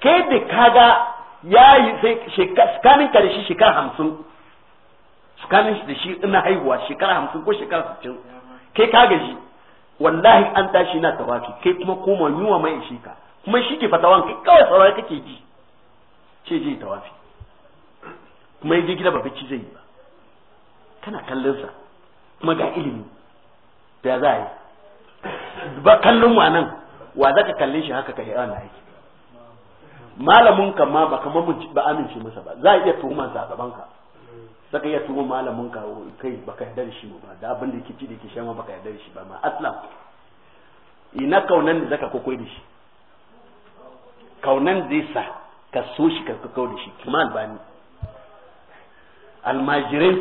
kai da kaga ya yi sai tsakanin ka da shi shekara hamsin tsakanin da shi ina haihuwa shekara hamsin ko shekara sittin kai ka gaji wallahi an tashi na tawafi kai kuma koma yunwa mai ishe ka kuma shi ke fatawan kai kawai saurari kake ji ce je tawafi kuma ya je gida ba bacci zai yi ba kana kallon sa kuma ga ilimi da za a yi ba kallon wa nan wa za ka kalle shi haka ka yi ana aiki malamin ka ma ba kamar ba amince masa ba za a iya tuhuma sa a gaban ka saka iya tuhuma malamin ka oh, kai baka yarda da shi ba da abin da kici da ke sha ma baka yarda da shi ba ma aslam ina kaunan da zaka kokoi da shi kaunan zai sa ka so shi ka kakau da shi kuma albani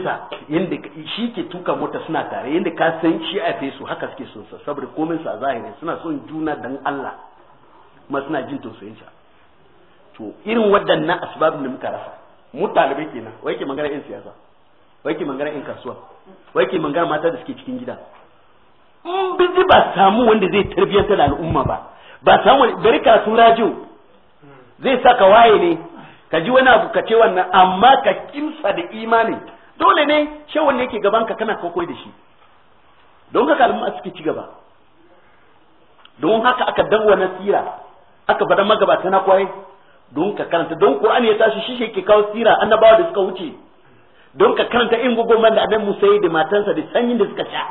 sa yadda shi ke tuka mota suna tare yadda ka san shi a su haka suke son sa saboda komai sa zahiri suna son juna dan Allah kuma suna jin tausayin sa to irin waɗannan asbabin da muka rasa mu talibai kenan wai ke magana yan siyasa wai ke magana yan kasuwa wai ke magana mata da suke cikin gida in bizi ba samu wanda zai tarbiyyanta da al'umma ba ba samu bari karatun rajiyo zai sa ka waye ne ka ji wani abu ka ce wannan amma ka kimsa da imani dole ne shawon ne yake gaban ka kana kokoi da shi don haka al'umma suke ci gaba don haka aka danwa na sira aka faɗa magabata na kwaye don ka karanta don Qur'an ya tashi shi ke kawo sira annabawa da suka wuce don ka karanta in gogomar da Annabi Musa da matansa da sanyin da suka sha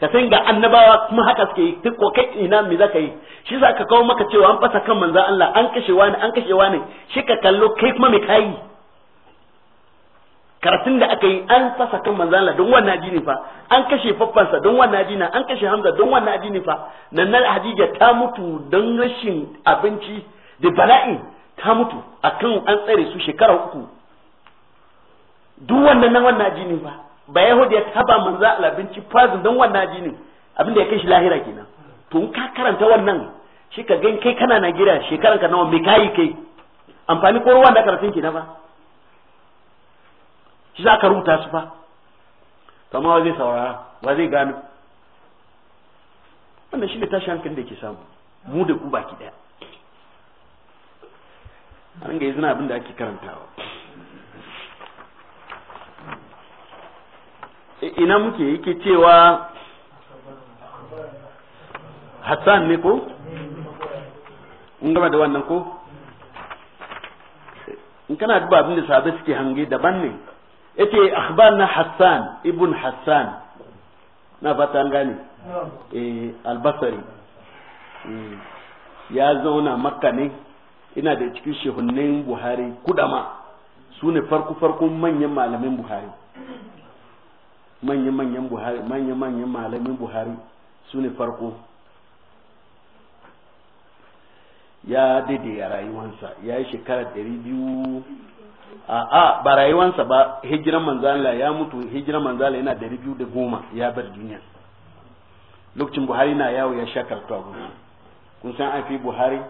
ka san ga annabawa kuma haka suke yi duk ko kai ina me zaka yi shi za ka kawo maka cewa an fasa kan manzo Allah an kashe wani an kashe wani shi ka kallo kai kuma me kai karatun da aka yi an fasa kan manzo Allah don wannan addini fa an kashe faffansa don wannan addini an kashe Hamza don wannan addini fa nan nan Hadija ta mutu don rashin abinci da bala'i ta mutu akan an tsare su shekara uku duk wannan nan wannan jinin ba ba yahudi ya taba manza al'abinci binci fazin don wannan ajinin abin da ya kai shi lahira kenan to in ka karanta wannan shi ka gan kai kana na gida shekaran ka nawa me kai kai amfani ko ruwan da karatun kenan ba shi za ka rubuta su fa to amma zai saurara ba zai gano wannan shi ne tashi hankali da ke samu mu da ku baki daya an ga izina abin da ake karantawa ina muke yake cewa hassan ne ko? in gama da wannan ko? in kana duba abin da sahabai suke hange daban ne yake akhbar na hassan ibn hassan na fata an gane eh albasari eh, ya zauna makka ne ina da cikin shehunnin buhari kudama su ne farko-farkon manyan malamin buhari manyan buhari malamin buhari su ne farko ya daidaya rayuwansa ya yi shekara ɗari biyu a a ba rayuwansa ba hijiran manzala ya mutu hijiran manzala yana ɗari biyu da goma ya bar duniya lokacin buhari na yawo ya sha karatu a kun san an fi buhari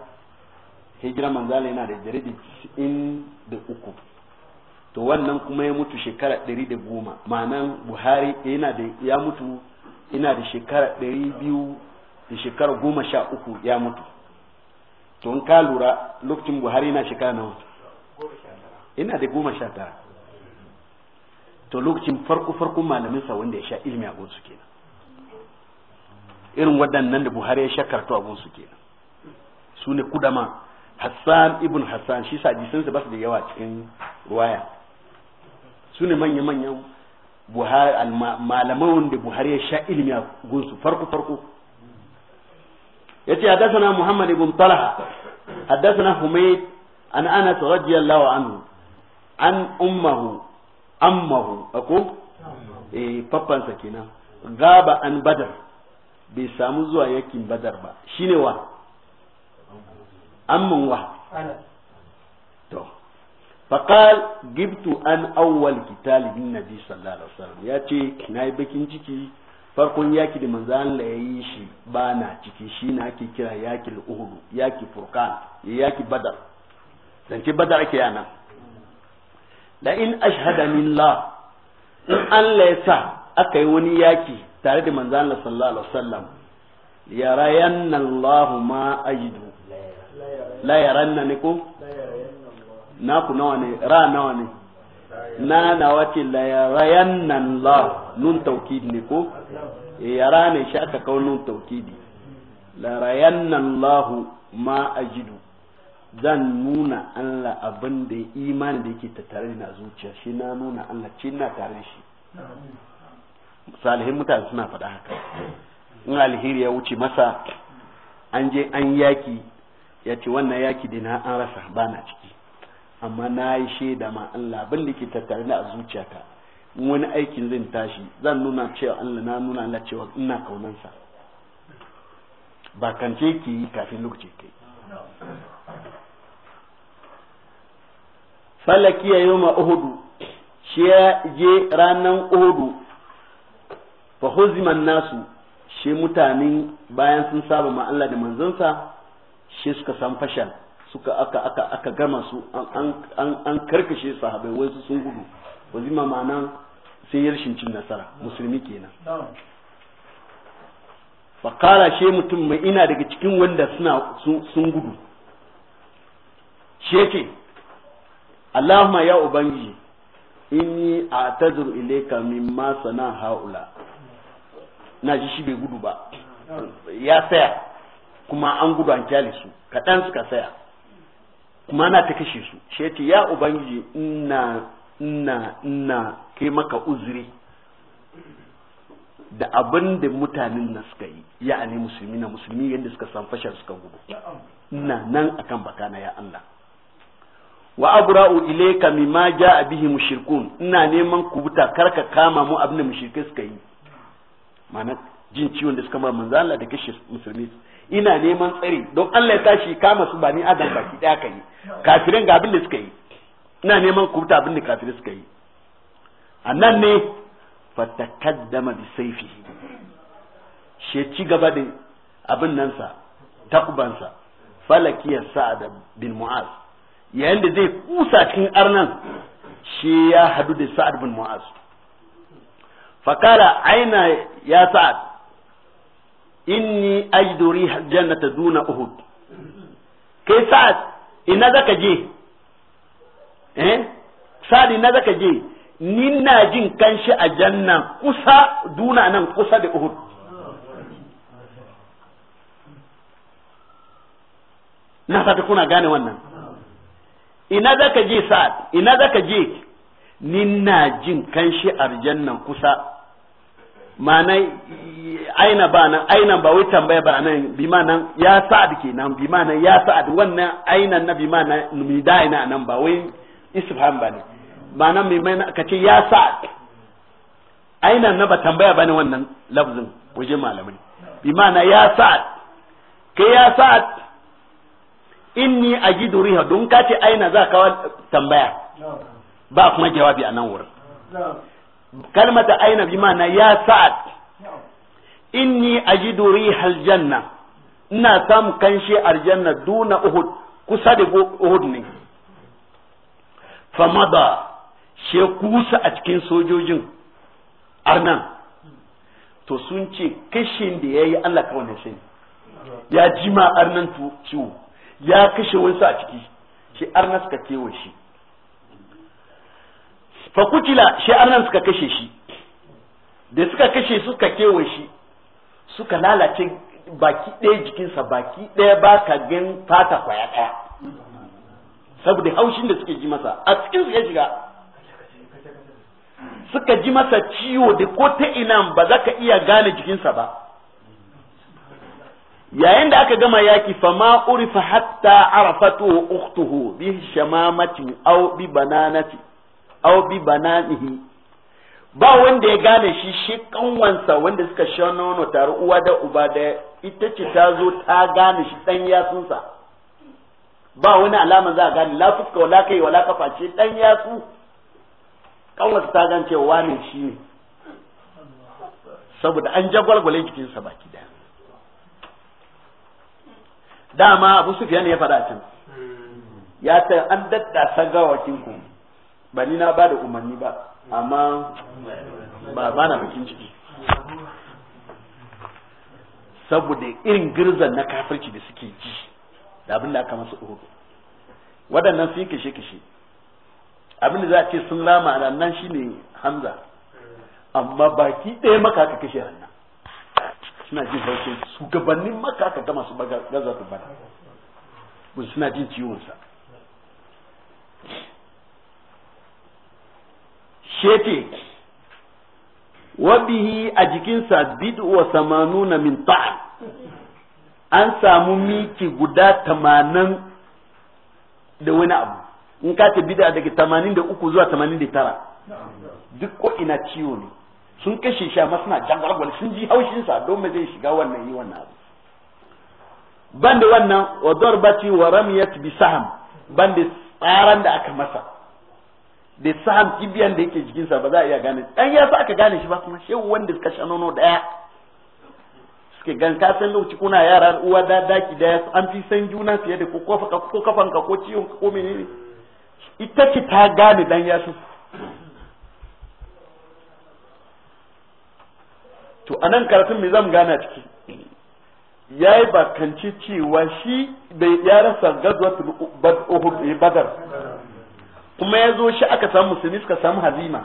hijira manzala yana da jaridi in da uku to wannan kuma ya mutu shekara ɗari da goma ma'anan buhari yana da ya mutu ina da shekara ɗari biyu da shekara goma sha uku ya mutu to in ka lura lokacin buhari na shekara nawa ina da goma sha tara to lokacin farko farkon malamin sa wanda ya sha ilimi a gonsu kenan irin waɗannan da buhari ya sha karatu a gonsu kenan su ne kudama hassan ibn hassan shi sa hadisansa ba su da yawa cikin ruwaya su ne manya-manyan malaman wanda buhari ya sha ilimi a gunsu farko-farko yace ce muhammad ibn talha haddasa Humayd humaid an anas radiyallahu anhu an ummuhu ammahu ako eh sa kenan gaba an badar bai samu zuwa yakin badar ba shine wa amman wa to faqal gibtu an awwal qital bin nabi sallallahu alaihi wasallam yace nayi bakin ciki farkon yaki da manzo Allah yayi shi ba na ciki shi na ake kira yaki uhud yaki furqan yaki badar zance badar ake yana la in ashhada minillah in Allah ya sa aka yi wani yaki tare da manzo Allah sallallahu alaihi wasallam yarayanna Allah ma ajidu la yaranna ne ko na ku nawa ne ra nawa ne na nawa ce la yaranna la nun taukidi ne ko eh, yara ne shi aka kawo nun taukidi la rayanna Allah ma ajidu zan nuna Allah abin da imanin da yake tattare na zuciya shi na nuna Allah ce na tare shi salihin mutane suna faɗa haka in alheri ya wuce masa an je an yaki ya ce wannan yaki dina an rasa ba na ciki amma na yi shaida ma Allah ban da ke tattare da a zuciyata wani aikin zan tashi zan nuna cewa Allah na nuna Allah cewa ina kaunansa ba kance ke yi kafin lokaci kai falaki ya ma uhudu shi ya je ranar uhudu fa nasu shi mutanen bayan sun saba ma Allah da manzansa. shi suka san fasha suka aka aka aka gama su an an an karkashe sahabai wasu sun gudu wazima ma'ana sai ya rashin cin nasara musulmi kenan fakara shi mutum mai ina daga cikin wanda suna sun gudu sheke ce Allahumma ya ubangiji inni a'tazuru ilayka mimma sana haula na ji shi bai gudu ba ya tsaya kuma an gudu an kyale su kaɗan suka saya kuma na ta kashe su shi ya ubangiji ina ina ina kai maka uzuri da abin da mutanen na suka yi ya ne musulmi na musulmi yadda suka san fashar suka gudu ina nan akan na ya Allah wa abra'u ilayka mimma ja'a bihi mushrikun ina neman kubuta karka kama mu abin da mushrike suka yi ma'ana jin ciwon da suka ma manzo Allah da kashe musulmi ina neman tsari don Allah ya tashi kama su ba ni adam baki daya kai kafirin ga abin da suka yi ina neman kuta abin da kafirin suka yi annan ne fatakaddama bi saifihi she ci gaba da abin nan sa sa falakiyar sa'ad bin mu'az yayin da zai kusa cikin arnan shi ya hadu da sa'ad bin mu'az fakala aina ya sa'ad inni ajduri jannata duna uhud kai sa'ad ina zaka je eh sa'ad ina zaka je ni na jin kanshi a janna kusa duna nan kusa da uhud na fata kuna gane wannan ina zaka je sa'ad ina zaka je ni na jin kanshi a janna kusa ma'ana aina ba nan aina ba wai tambaya ba nan bi nan ya sa'ad kenan bi nan ya sa'ad wannan aina na bi nan mi da ina nan ba wai istifham ba ne ma'ana mi mai ka ce ya sa'ad aina na ba tambaya ba ne wannan lafzin waje malamai bi na ya sa'ad kai ya sa'ad inni ajidu riha don ka ce aina za ka tambaya ba kuma jawabi a nan wurin kalmata aina bi na ya sa'ad inni ajidu rihal janna ina samu kanshi aljanna duna uhud kusa da uhud ne famada she kusa a cikin sojojin arna to sun ce kashin da ya yi Allah kawai shi ya jima arnan ya kashe wasu a ciki shi arna suka kewa shi fa kutila shi annan suka kashe shi da suka kashe suka kewa shi suka lalace baki ɗaya jikinsa baki ɗaya ba ka gan fata kwaya ɗaya saboda haushin da suke ji masa a cikin su ya shiga suka ji masa ciwo da ko ta ina ba za ka iya gane jikinsa ba yayin da aka gama yaki fa ma urifa hatta arafatu ukhtuhu bi shamamatin aw bi bananati aw bi bananihi ba wanda ya gane shi shi kanwansa wanda suka sha nono tare uwa da uba da ita ce ta zo ta gane shi dan yatsunsa ba wani alama za a gane la fuska wala kai wala kafa ce dan yatsu kanwansa ta gane cewa wani shi ne saboda an jagwalgwale jikinsa baki daya dama abu sufiyan ya faɗa can ya ta an daddasa sagawakin ku ba ni na bada umarni ba amma ba ba na bakin ciki saboda irin girzan na kafirci da suke ji da abin da aka masu uhud waɗannan sun yi kishe-kishe abin da za a ce sun rama a nan shine hamza amma baki ɗaya maka aka kashe hannu suna jin su shugabannin maka aka gama su gaza su bada suna jin ciwonsa shete wabihi a jikinsa bid wa samanu na min ta'am an samu miki guda tamanin da wani abu in ka ce bid'a daga tamanin da uku zuwa tamanin da tara duk ko ina ciwo ne sun kashe shi amma suna jangwalgwal sun ji haushinsa don me zai shiga wannan yi wannan abu ban da wannan wa darbati wa ramiyat bi saham ban da tsaran da aka masa da saham kibiyan da yake jikinsa ba za a iya gane dan ya sa aka gane shi ba kuma shehu wanda suka sha nono daya suke gan ka san lokaci kuna yara uwa da daki daya an fi san juna fiye da ko kofa ko ka ko ciwon ko menene ita ce ta gane dan ya su to anan karatun me zamu gana ciki ya yi bakanci cewa shi bai ya rasa gazwatul eh, badar kuma ya zo shi aka samu musulmi suka samu hazima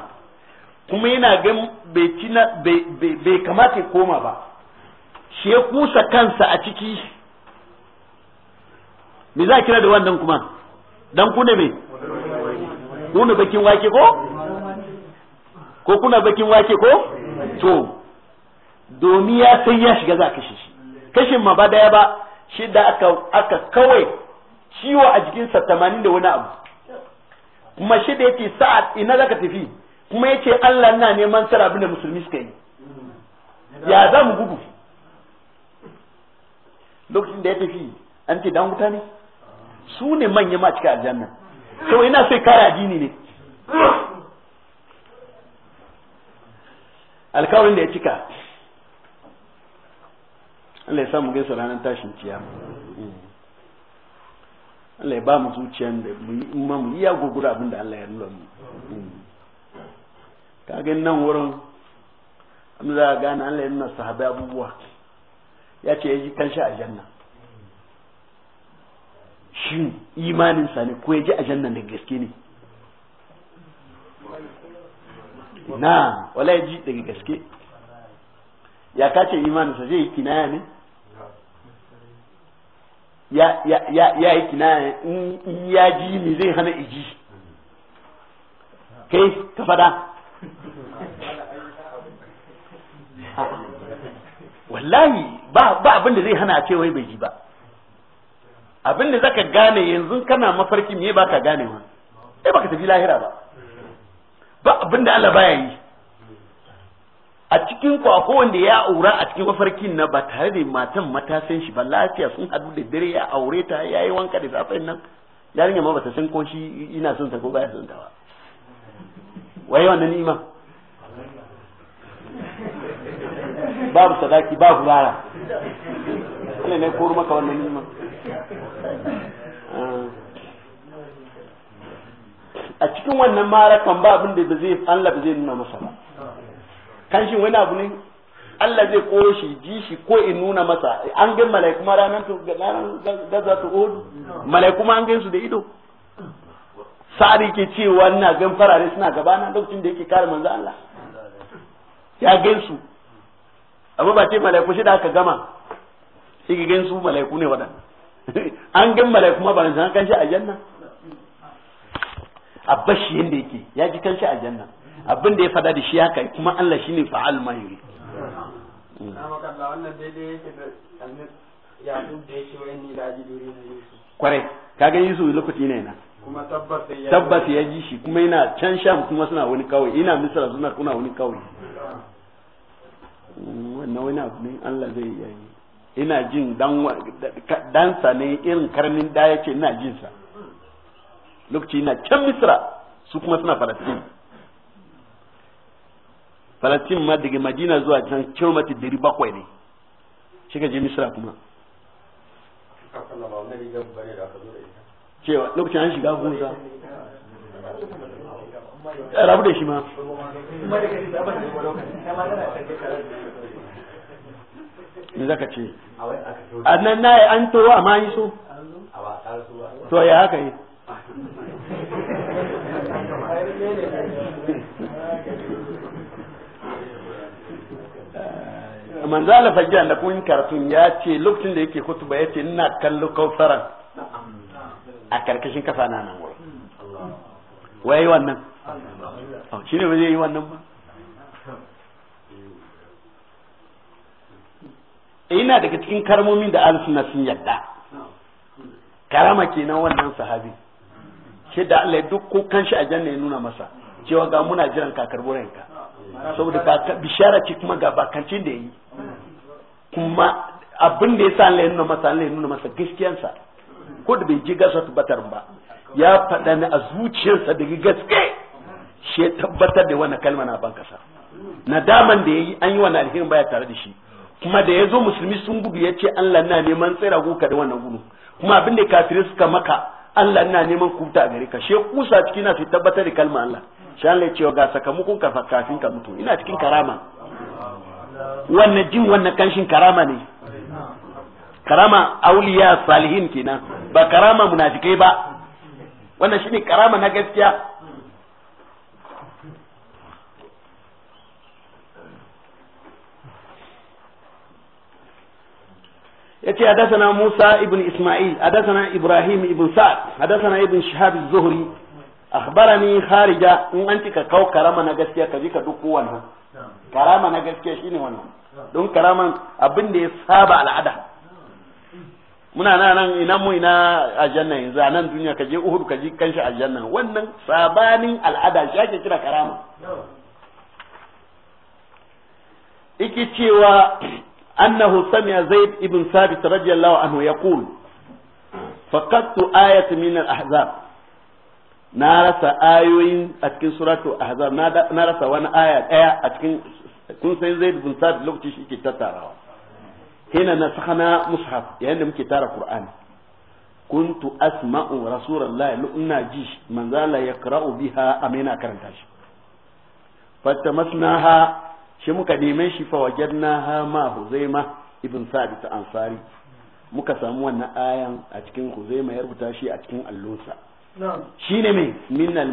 kuma yana gan bai kamata ya koma ba shi ya kusa kansa a ciki me za a kira da wannan kuma dan ku ne me kuna bakin wake ko ko kuna bakin wake ko to domin ya san ya shiga za a kashe shi kashin ma ba daya ba shi da aka kawai ciwo a jikinsa tamanin da wani abu mashi da yake sa'ad ina zaka tafi kuma yace Allah ina neman sara abin da musulmi suka yi ya za mu gudu lokacin da ya tafi an ce dan wuta ne su ne manya ma cikin aljanna to ina sai kara addini ne alkawarin da ya cika Allah ya samu gaisa ranar tashin kiyama Allah ya ba mu zuciyar da mu yi ya mu iya gurgura abin da Allah ya nuna mu hmm. ka ga nan wurin an za ga gane Allah ya nuna sahabai abubuwa ya ce ya ji kanshi a janna shi imanin sa ne ko ya ji a janna da gaske ne na wala ya ji daga gaske ya kace imanin sa zai yi kinaya ne ya ya ya in ya ji me zai hana iji kai ka fada wallahi ba abin da zai hana a ce wai bai ji ba abin da zaka gane yanzu kana mafarki me baka ganewa sai baka tafi lahira ba ba abin da Allah baya yi a cikin ku akwai wanda ya aura a cikin mafarkin na ba tare da matan matasan shi ba lafiya sun hadu da dare ya aure ta ya yi wanka da safen nan yarinya ma ta san ko shi ina son ta ko baya son ta ba wai wannan ni'ima babu sadaki babu lara ne ne koro maka wannan ni'ima ah. a cikin wannan marakan ba abin da zai Allah ba zai nuna masa ba kanshin wani abu ne Allah zai koro shi ji shi ko in nuna masa an gan malaiku ma ranar gaza ta odu malaiku ma an gan su da ido sa'ari ke cewa wannan gan farare suna gabana lokacin da yake kare manzo Allah ya gan su abu ba ce malaiku shi da aka gama shi ga gan su malaiku ne waɗanda an gan malaiku ma ba ran kan shi aljanna a bashi yanda yake ya ji kan shi aljanna abin da ya fada da shi haka kuma Allah shine fa'al ma Yusuf tabbas ya ji shi kuma yana can kuma suna wani kawai ina misra suna wani kawai ne Allah zai yi ina jin dansa ne irin karnin da yake ina jinsa lokaci ina can misra su kuma suna falastin falastin ma daga madina zuwa can kilomita dari bakwai ne shi je misra kuma cewa lokacin an shiga gunza eh, rabu da shi ma in zaka ce a nan na yi an toro ma yi so to ya haka yi manzo Allah na da kun karatun ya ce lokacin da yake kutuba ya ce ina kallo kausaran a karkashin kafa na nan wurin yi wannan shi ne ba zai yi wannan ba ina daga cikin karmomin da al suna sun yadda karama kenan wannan sahabi shi da Allah duk kukan shi a janna ya nuna masa cewa ga muna jiran kakar burenka saboda ba bishara ce kuma ga bakancin da yi kuma abin da ya sa Allah ya nuna masa Allah ya nuna masa gaskiyansa ko da bai ji gasa tabbatar ba ya faɗa ne a zuciyarsa daga gaske shi tabbatar da wannan kalma na ban kasa nadaman da yi an yi wannan alherin baya tare da shi kuma da ya zo musulmi sun gudu ya ce Allah na neman tsira guka da wannan gudu kuma abin da kafirai suka maka Allah na neman kuta a gare ka she kusa cikin na tabbatar da kalma Allah shan cewa ga sakamakon ka kafin ka mutu ina cikin karama wannan jin wannan kanshin karama ne karama auliya salihin kenan ba karama munafikai ba wannan shine karama na gaskiya yace hadathana Musa ibn Isma'il hadathana Ibrahim ibn Sa'd hadathana ibn Shihab az-Zuhri akhbarani kharija in an cika kau karama na gaskiya ka ji ka duk wannan karama na gaskiya shine wannan don karaman abin da ya saba al'ada muna nan nan ina mu ina aljanna yanzu a nan duniya ka je uhud ka ji kanshi aljanna wannan sabanin al'ada shi ake kira karama iki cewa annahu sami'a zaid ibn sabit radiyallahu anhu yaqul faqadtu ayatan min al-ahzab na rasa ayoyin a cikin suratu ahzab na rasa wani aya daya a cikin kun sai zai bin da lokaci shi ke tattarawa hina na sahana mushaf yayin da muke tara qur'ani kuntu asma'u rasulullahi ina ji manzala Allah biha amina karanta shi fatamasnaha shi muka neman shi fa wajadnaha ma huzaima ibn ta ansari muka samu wannan ayan a cikin huzaima ya rubuta shi a cikin allonsa ne mai minal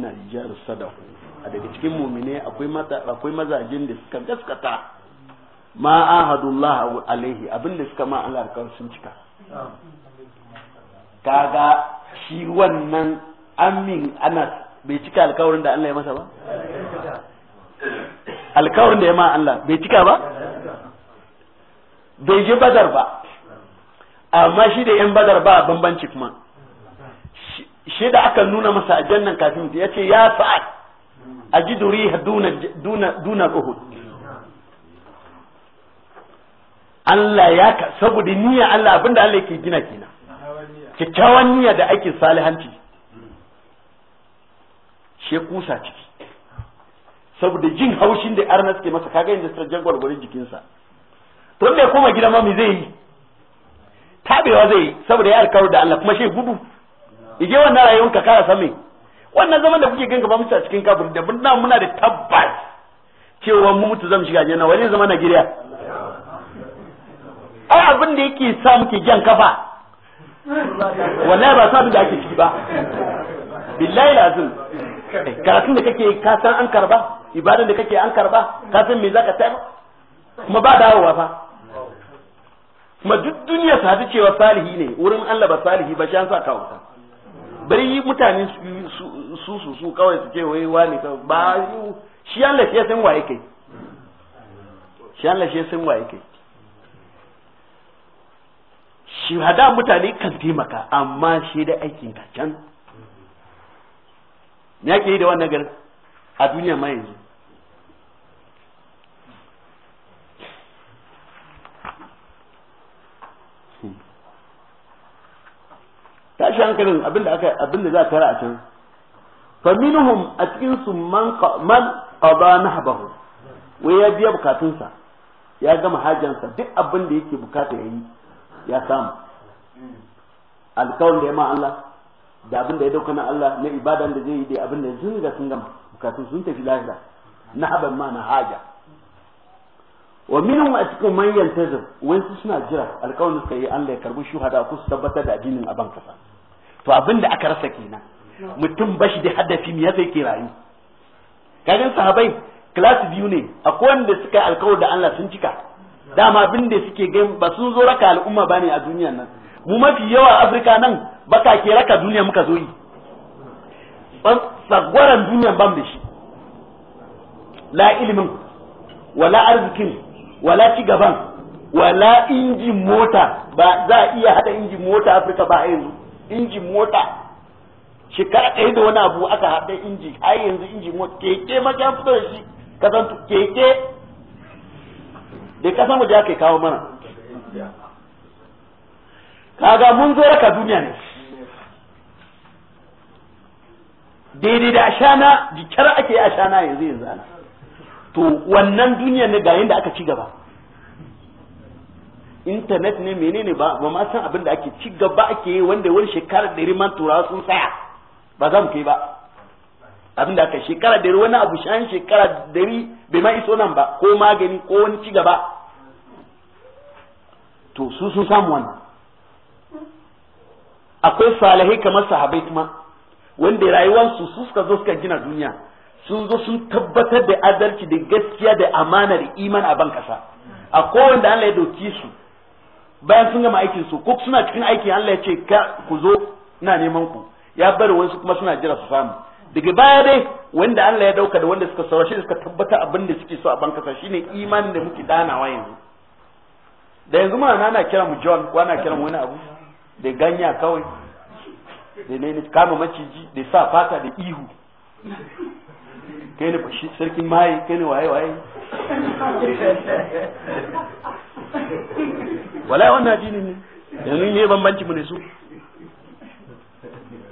na jar sadaku a daga cikin mu'mine akwai mazajin da suka gaskata ma ahadullah alaihi abinda suka ma Allah alƙawar sun cika kaga shi wannan amin ana bai cika alkawarin da Allah ya masa ba alkawarin da ya ma Allah bai cika ba bai je badar ba amma shi da yan badar ba bambanci kuma shi da aka nuna masa a jannan kafin ya ce ya sa'ad a ji duriha duna uhud Allah ya ka saboda niyya Allah abinda Allah yake gina kenan kyakkyawan niyya da ake salihanci she kusa ciki saboda jin haushin da arna suke masa kaga yanzu sirjan jikin jikinsa to me koma gida ma zai yi tabewa zai saboda ya alkawar da Allah kuma shi gudu ige wannan rayuwar ka kara same wannan zaman da kuke gan ba mutu a cikin kaburi da muna muna da tabbas cewa mu mutu zamu shiga jannah wani zama Najeriya ai abin da yake sa muke jan kafa wallahi ba sa da ake ciki ba billahi lazim karatun da kake ka san an karba ibadan da kake an karba ka san me zaka taimaka kuma ba dawowa fa kuma duk duniya su hadu cewa salihi ne wurin Allah ba salihi ba shi an sa kawo bari mutane su su su kawai su ce wai wani ka ba shi Allah shi ya san waye kai shi Allah shi ya san waye kai shi hada mutane kan taimaka amma shi da aikin ka can me yake yi da wannan garin a duniya ma yanzu tashi hankalin abinda aka abinda za ra a can fa minhum a cikin su man man qada nahbahu wa ya biya bukatunsa ya gama sa duk abin da yake bukata yayi ya samu alkawarin da ya ma Allah da abin da ya dauka na Allah na ibadan da zai yi da abin da sun ga sun gama bukatun sun tafi lahira na ma na haja wa minhum cikin man yantazir wasu suna jira alƙawarin suka yi Allah ya karbi shuhada ku su tabbatar da addinin a ban kasa to abin aka rasa kenan mutum bashi da hadafi me yasa yake rayu kagan sahabbai class biyu ne akwai wanda suka yi alƙawar da Allah sun cika dama abin da suke gani ba sun zo raka al'umma bane a duniyar nan mu mafi yawa Afirka nan baka ke raka duniya muka zo yi sagwaran duniya ban da shi la ilimin wala arzikin wala ci gaban wala injin mota ba za a iya hada injin mota Afirka ba a yanzu injin mota shekara ɗaya da wani abu aka haɗa inji a yanzu injin mota keke ma an fito da shi kasantu keke da kasan waje aka kawo mana kaga mun zo raka duniya ne daidai da ashana jikar ake ashana yanzu yanzu ana to wannan duniyar ne ga yadda aka ci gaba internet ne menene ba ba ma san abin da ake ci gaba ake yi wanda wani shekara ɗari man turawa sun tsaya ba za mu kai ba abin da aka shekara ɗari wani abu shan shekara ɗari bai ma iso nan ba ko magani ko wani ci gaba to su sun samu wannan akwai salihai kamar sahabai kuma wanda rayuwarsu su suka zo suka gina duniya sun zo sun tabbatar da adalci da gaskiya da amana da iman a ban kasa a da Allah ya dauki su bayan sun gama aikin su ko suna cikin aikin Allah ya ce ka ku zo ina neman ku ya bar wasu kuma suna jira su samu daga baya dai wanda Allah ya dauka da wanda suka saurashi suka tabbata abin da suke so a ban kasa shine imanin da muke danawa yanzu da yanzu ma na kira mu John ko ana kira mu wani abu da ganya kawai da ne kama maciji da sa fata da ihu kai ne fashi sarkin mai kai ne waye waye wallahi wannan addini ne yanzu ne bambanci mu ne su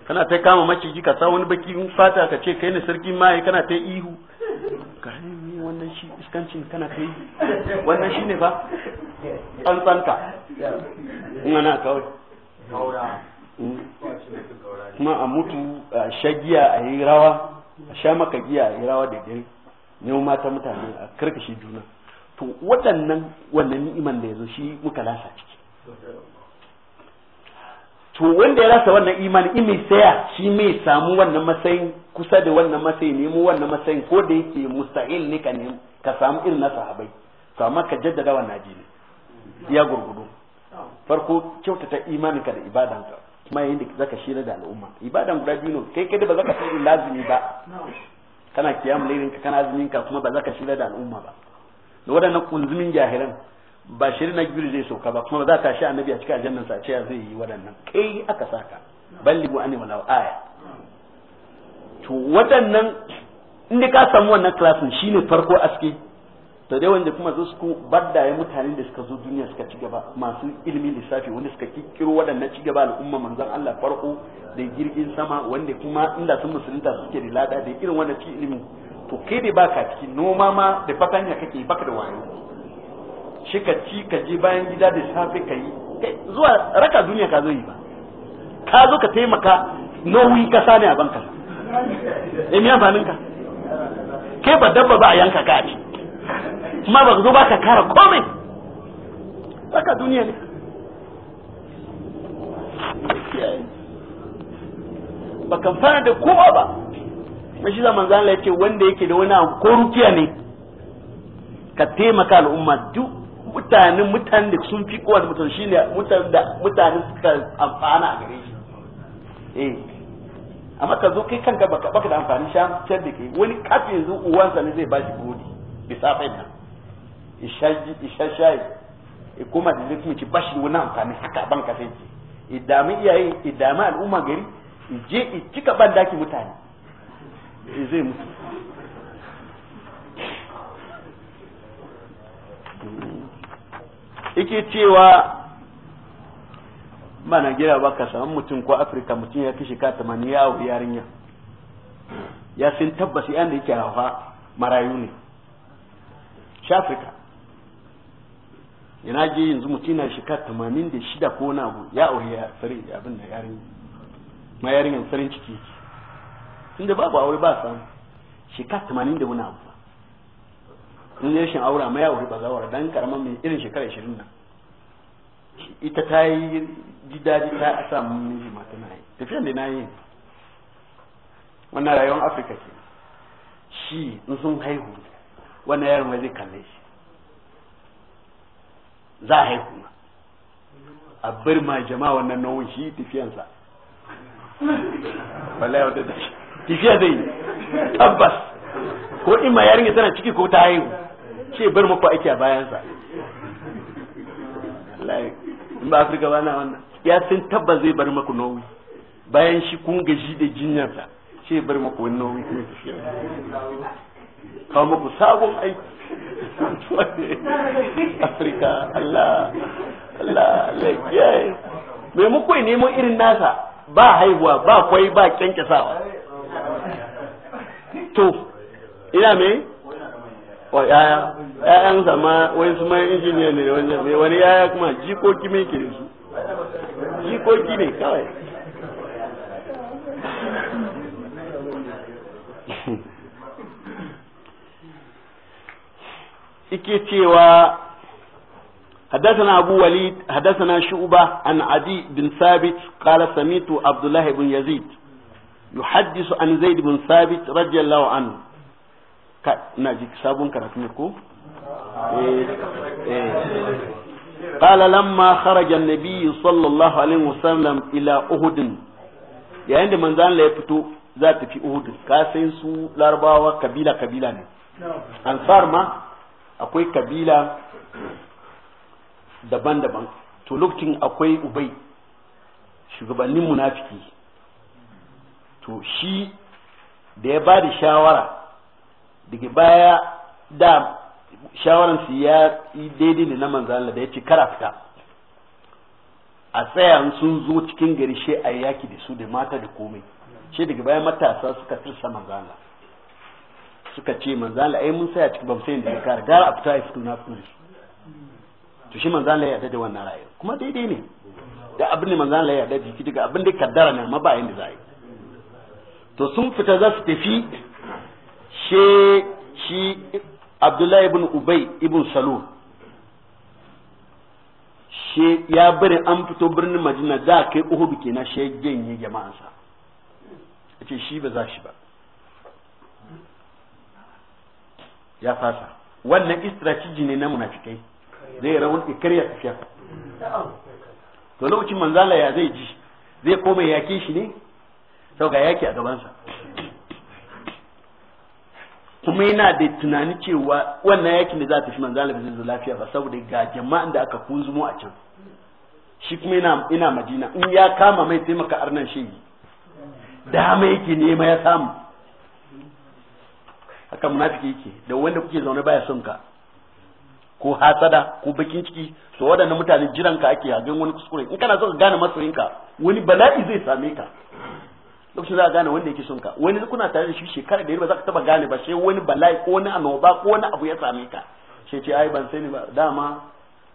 kana ta kama maciji ka sa wani baki fata ka ce kai ne sarki mai kana ta ihu ka ni wannan shi iskancin kana kai wannan shi ne ba tsantsanka ina kawai hmm. kuma a mutu a shagiya a yi rawa a sha maka giya a rawa da dare nemo mata mutane a karkashe juna to waɗannan wannan ni'iman da yazo shi muka lasa ciki to wanda ya rasa wannan imani in saya shi mai samu wannan matsayin kusa da wannan matsayin nemo wannan matsayin ko da yake musta'il ne ka nemo ka samu irin na sahabai to amma ka jaddada wannan ajini ya gurgudu farko kyautata imaninka da ibadanka kuma yayin da zaka shira da al'umma ibadan guda biyu kai kai da ba zaka shiri lazimi ba kana kiyam lairin ka kana azumin ka kuma ba zaka shira da al'umma ba da wadannan kunzumin jahilan ba shiri na gibir zai sauka ba kuma ba za ta shi annabi a cikin aljannan sa cewa zai yi wadannan kai aka saka ballighu ani walau aya to wadannan inda ka samu wannan klasin shine farko aski. sau dai wanda kuma su ku baddaye mutane da suka zo duniya suka ci gaba masu ilimin lissafi wanda suka kikkiro waɗannan ci gaba al'umma manzon Allah farko da girgin sama wanda kuma inda sun musulunta suke da lada da irin wannan ci ilimin to kai dai baka ciki noma ma da fatanya kake baka da wayo shi ka ci ka je bayan gida da safe ka yi zuwa raka duniya ka zo yi ba ka zo ka taimaka nauyin kasa ne a banka eh me amfanin ka kai ba dabba ba a yanka ka a ci kuma ba zo ba ka kara komai haka duniya ne ba kan fara da kowa ba mashi zaman zan ya ce wanda yake da wani ko rukiya ne ka taimaka al'umma duk mutanen mutanen da sun fi kowane mutum shi ne mutanen suka amfana a gare shi eh amma ka zo kai kanka baka da amfani shan da ke wani kafin yanzu uwansa ne zai ba shi gudi bisa fahimta ishashai e kuma da zai kuma ci bashi wani amfani haka ban ka sai ce idami iyaye idami al'umma gari je i cika ban daki mutane zai mutu ike cewa ba na gira ba ka samu mutum ko afirka mutum ya kashe ka tamanin yawo yarinya ya sun tabbasi yadda yake hawa marayu ne shi afirka yana je yanzu mutum na shekara tamanin da shida ko na abu ya aure ya sarin abin da yarin ma yarinyan sarin ciki da babu aure ba samu shekara tamanin da wani abu Tun da shi aure amma ya aure ba zawara dan karaman mai irin shekara 20 nan ita ta yi gidaji ta mun miji mata na yi tafiyan da na yi wannan rayuwar afirka ke shi in sun haihu wannan yaron zai kalle shi za a haihu a bar ma jama'a wannan nauyin shi tafiyansa wala yau da shi tafiya zai tabbas ko in ma yarinya tana ciki ko ta haihu ce bar muku aiki a bayansa wallahi in ba Afirka ba na wannan ya sun tabbas zai bar mako nauyi bayan shi kun gaji da jinyarsa ce bar mako wani nauyi kuma tafiya kawo muku sabon aiki afirka allah allah allah mai mukwai neman irin nasa ba haihuwa ba kwai ba kyankyasawa to ina me wa yaya yayan sama wani su mai injiniya ne wani yaya kuma jikoki mai kiri su jikoki ne kawai ike cewa حدثنا أبو وليد حدثنا شعبة عن عدي بن ثابت قال سميت عبد الله بن يزيد يحدث عن زيد بن ثابت رضي الله عنه ناجي كسابون كراتمكو إيه إيه قال لما خرج النبي صلى الله عليه وسلم إلى أهد يعني من ذان لا يفتو ذات في أهد كاسين سو لارباوة كبيلة كبيلة أنصار ما akwai kabila daban-daban to lokacin akwai ubai shugabannin munafiki to shi da ya ba da shawara daga baya da shawararsu ya yi daidai da na manzana da ya ci karafta, a tsaya sun zo cikin gari shi a yaki da su da mata da komai shi daga baya matasa suka tursa manzana suka ce Allah ai mun saya cikin bamsayin da ya kare gara a fita ai fito na fito to shi Allah ya da wannan ra'ayi kuma daidai ne da abin da Allah ya da jiki daga abin da kaddara ne amma ba yin da zai yi to sun fita za su tafi she shi Abdullahi ibn Ubay ibn Salul she ya bari an fito birnin Madina da kai Uhud kenan she janye jama'ansa ce shi ba za shi ba ya fasa wannan istrategi ne na munafikai zai rawan ikariya tafiya to lokacin manzala ya zai ji zai koma yake shi ne sau ga yaki a gabansa kuma yana da tunani cewa wannan yakin da za ta fi manzala ba zai zo lafiya ba saboda ga jama'an da aka kunzumo a can shi kuma ina ina madina in ya kama mai taimaka arnan shi da mai yake nema ya samu akan munafiki yake da wanda kuke zaune baya son ka ko hasada ko bakin ciki so waɗannan mutane jiran ka ake hagan wani kuskure in kana so ka gane masoyinka wani bala'i zai same ka lokacin za ka gane wanda yake son ka wani kuna tare da shi shekara da ba za ka taba gane ba sai wani bala'i ko wani annoba ko wani abu ya same ka sai ce ai ban sani ba dama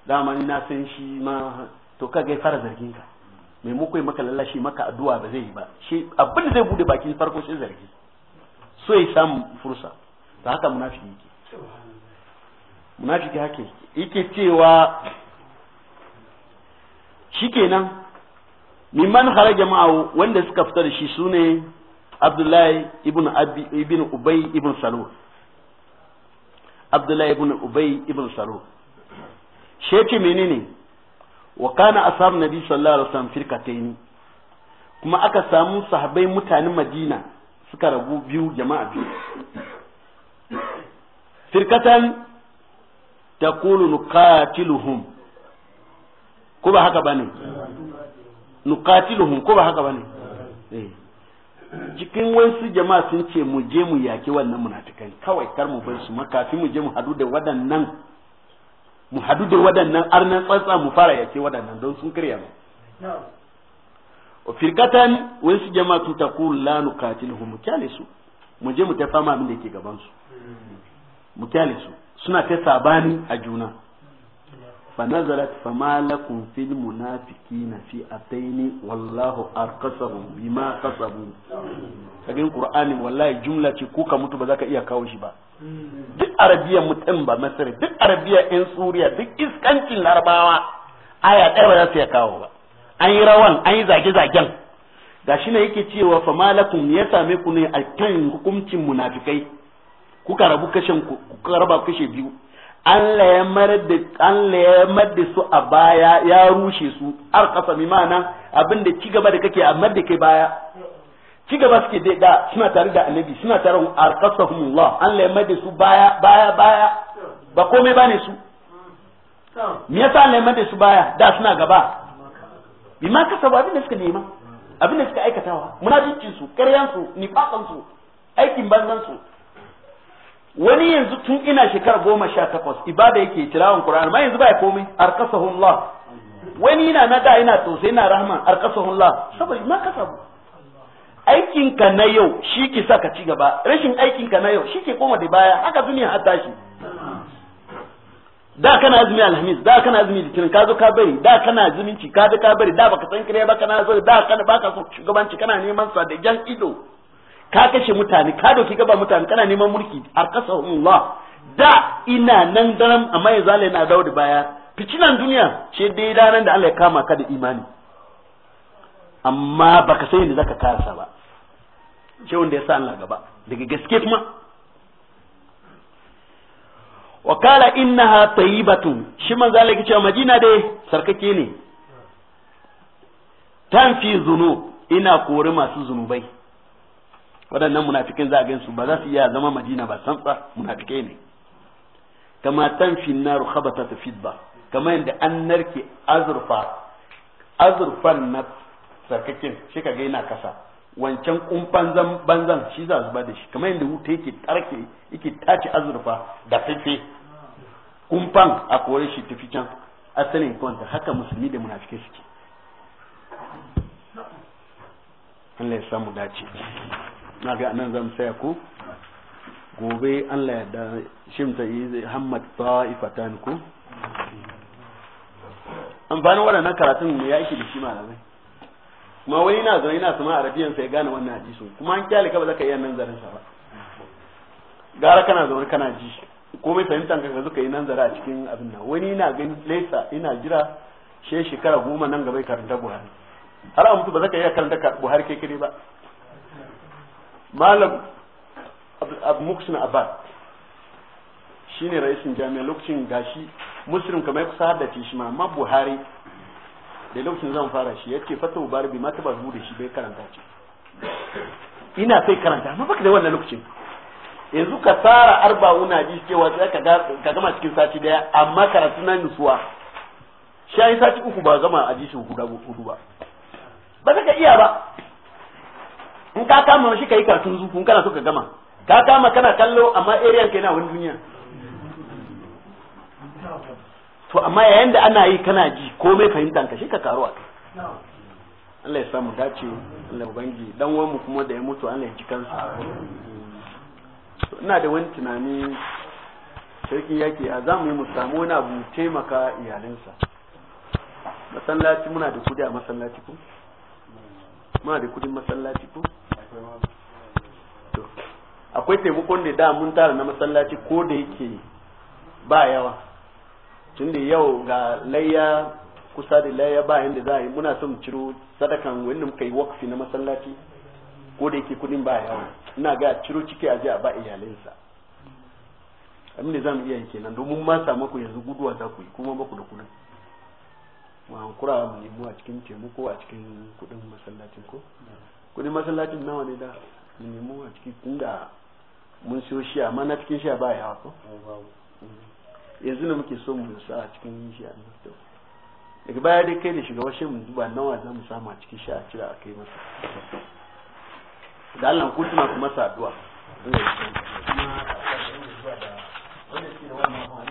dama ni na san shi ma to ka ga fara zargin ka mai muku yi maka lallashi maka addu'a ba zai yi ba shi abin da zai bude bakin farko sai zargi so ya samu fursa ta haka munafiki yake munafiki haka yake cewa shikenan man kharaja ma'ahu wanda suka fita da shi sune Abdullahi ibn Abi ibn Ubay ibn Salul Abdullahi ibn Ubay ibn Salul sheke menene wa kana ashab nabi sallallahu alaihi wasallam firkatayn kuma aka samu sahabbai mutanen Madina suka rabu biyu jama'a biyu firkatan takunu nuqatiluhum ko ba haka bane nuqatiluhum ko ba haka bane eh. cikin wasu jama'a sun ce mu je mu yaki wannan munafikan kawai kar mu bar su makafi mu je mu hadu da waɗannan mu hadu da waɗannan arnan tsantsa mu fara yaki waɗannan don sun karya mu firkatan wasu jama'a sun ta la nuqatiluhum kyale su mu je mu ta fama abin da yake gaban su mu suna ta sabani a juna fa nazarat fa ma lakum fil munafiqina fi ataini wallahu arqasahum bima kasabu kagin qur'ani wallahi jumla ce ko ka mutu ba za ka iya kawo shi ba duk arabiyan mutum ba masar duk arabiyan yan suriya duk iskancin larabawa aya ɗaya ba za su iya kawo ba an yi rawan an yi zage-zagen gashi ne yake cewa fa malakum ya same ku ne a kan hukuncin munafikai kuka rabu kashen kuka raba kashe biyu Allah ya mar da Allah ya mar da su a baya ya rushe su har kasa mi mana abin da ci gaba da kake a da kai baya ci gaba suke dai da suna tare da annabi suna tare da arqasahumullah Allah ya mar da su baya baya baya ba komai bane su me yasa Allah ya mar da su baya da suna gaba kasa ba abin da suka nema abin da suka aikatawa munafincin su ƙaryan su nifaqan su aikin banzan su wani yanzu tun ina shekar goma sha takwas ibada yake tilawan Qur'an ma yanzu baya komai arkasahullah wani ina na da ina tausayi ina rahman arkasahullah saboda ma ka sabu aikin ka na yau shi ke sa ka ci gaba rashin aikin ka na yau shi ke koma da baya haka duniya har tashi da kana azumi alhamis da kana azumi litinin ka zo ka bari da kana zumunci ka zo ka bari da baka san kire ba kana zo da kana baka so shugabanci kana neman sa da jan ido ka kashe mutane ka doki gaba mutane kana neman mulki A arkasahumullah da ina nan daram amma ya zale na daudi baya ficinan duniya ce dai ranar da Allah ya kama ka da imani amma baka sai ne zaka karasa ba ce wanda ya sa Allah gaba daga gaske kuma wa kala innaha tayyibatun shi manzo Allah yake Madina dai sarkake ne tanfi zunub ina kori masu zunubai waɗannan munafikin za a gan su ba za su iya zama madina ba tsa munafikai ne kama tan naru khabata ta fidda kama yadda an narke azurfa azurfan na sarkakin shi ka gaina kasa wancan kumfan banzan shi za zuba da shi kama yadda wuta yake tarke yake tace azurfa da fefe kumfan a kore shi tafi can asalin kwanta haka musulmi da munafikai suke Allah ya samu dace. na ga nan zan saya ku gobe Allah ya da shimta yi hammat ta'ifatan ku amfanin waɗannan karatun mu ya yake da shi malamai kuma wani na zaune ina sama arabiyan sai gane wannan hadisi kuma an kyale ka ba ka iya nan zarin sa ba gara kana zaune kana ji komai fahimtan kanka zuka yi nan zara a cikin abin nan wani na gani lesa ina jira she shekara goma nan gaba karanta Buhari har an mutu ba ka iya karanta Buhari kai kire ba malam abu muksin abad ne raisin jami'a lokacin gashi muslim kamar kusa ce shi ma buhari da lokacin zan fara shi yace fata bari bi ma taba da shi bai karanta ce ina sai karanta amma baka da wannan lokacin yanzu ka tsara arba'una ji cewa sai ka gama cikin sati daya amma karatu na nutsuwa shayi sati uku ba gama a jishin hudu ba ba ka iya ba in ka kama shi kai karatun zuku in kana so ka gama ka kama kana kallo amma area ka yana wani duniya to amma yayin da ana yi kana ji komai fahimtan ka shi ka karuwa kai Allah ya samu dace Allah ubangi dan mu kuma da ya mutu Allah ya ji kansa ina da wani tunani sarki yake a za mu yi mu samu wani abu taimaka iyalinsa masallaci muna da kudi a masallaci ko muna da kudin masallaci ko akwai taimakon da da mun tara na masallaci ko da yake ba yawa tun da yau ga layya kusa da layya ba yanda za a yi muna son ciro sadakan wanda muka yi wakfi na masallaci ko da yake kudin ba yawa ina ga ciro ciki a a ba iyalinsa abin da za mu iya yi kenan domin ma samu ku yanzu guduwa za ku yi kuma ba ku da kudin mu hankura mu nemo a cikin taimako a cikin kudin masallacin ko kudin masallacin nawa ne da nemo a ciki tunda mun siyo shi amma na cikin shi ba hawa ko yanzu ne muke so mu sa a cikin shi a nan daga baya dai kai da shiga washe mu duba nawa za mu samu a cikin shi a cira a kai masa da Allah ku tuna kuma sa addu'a wanda suke da wannan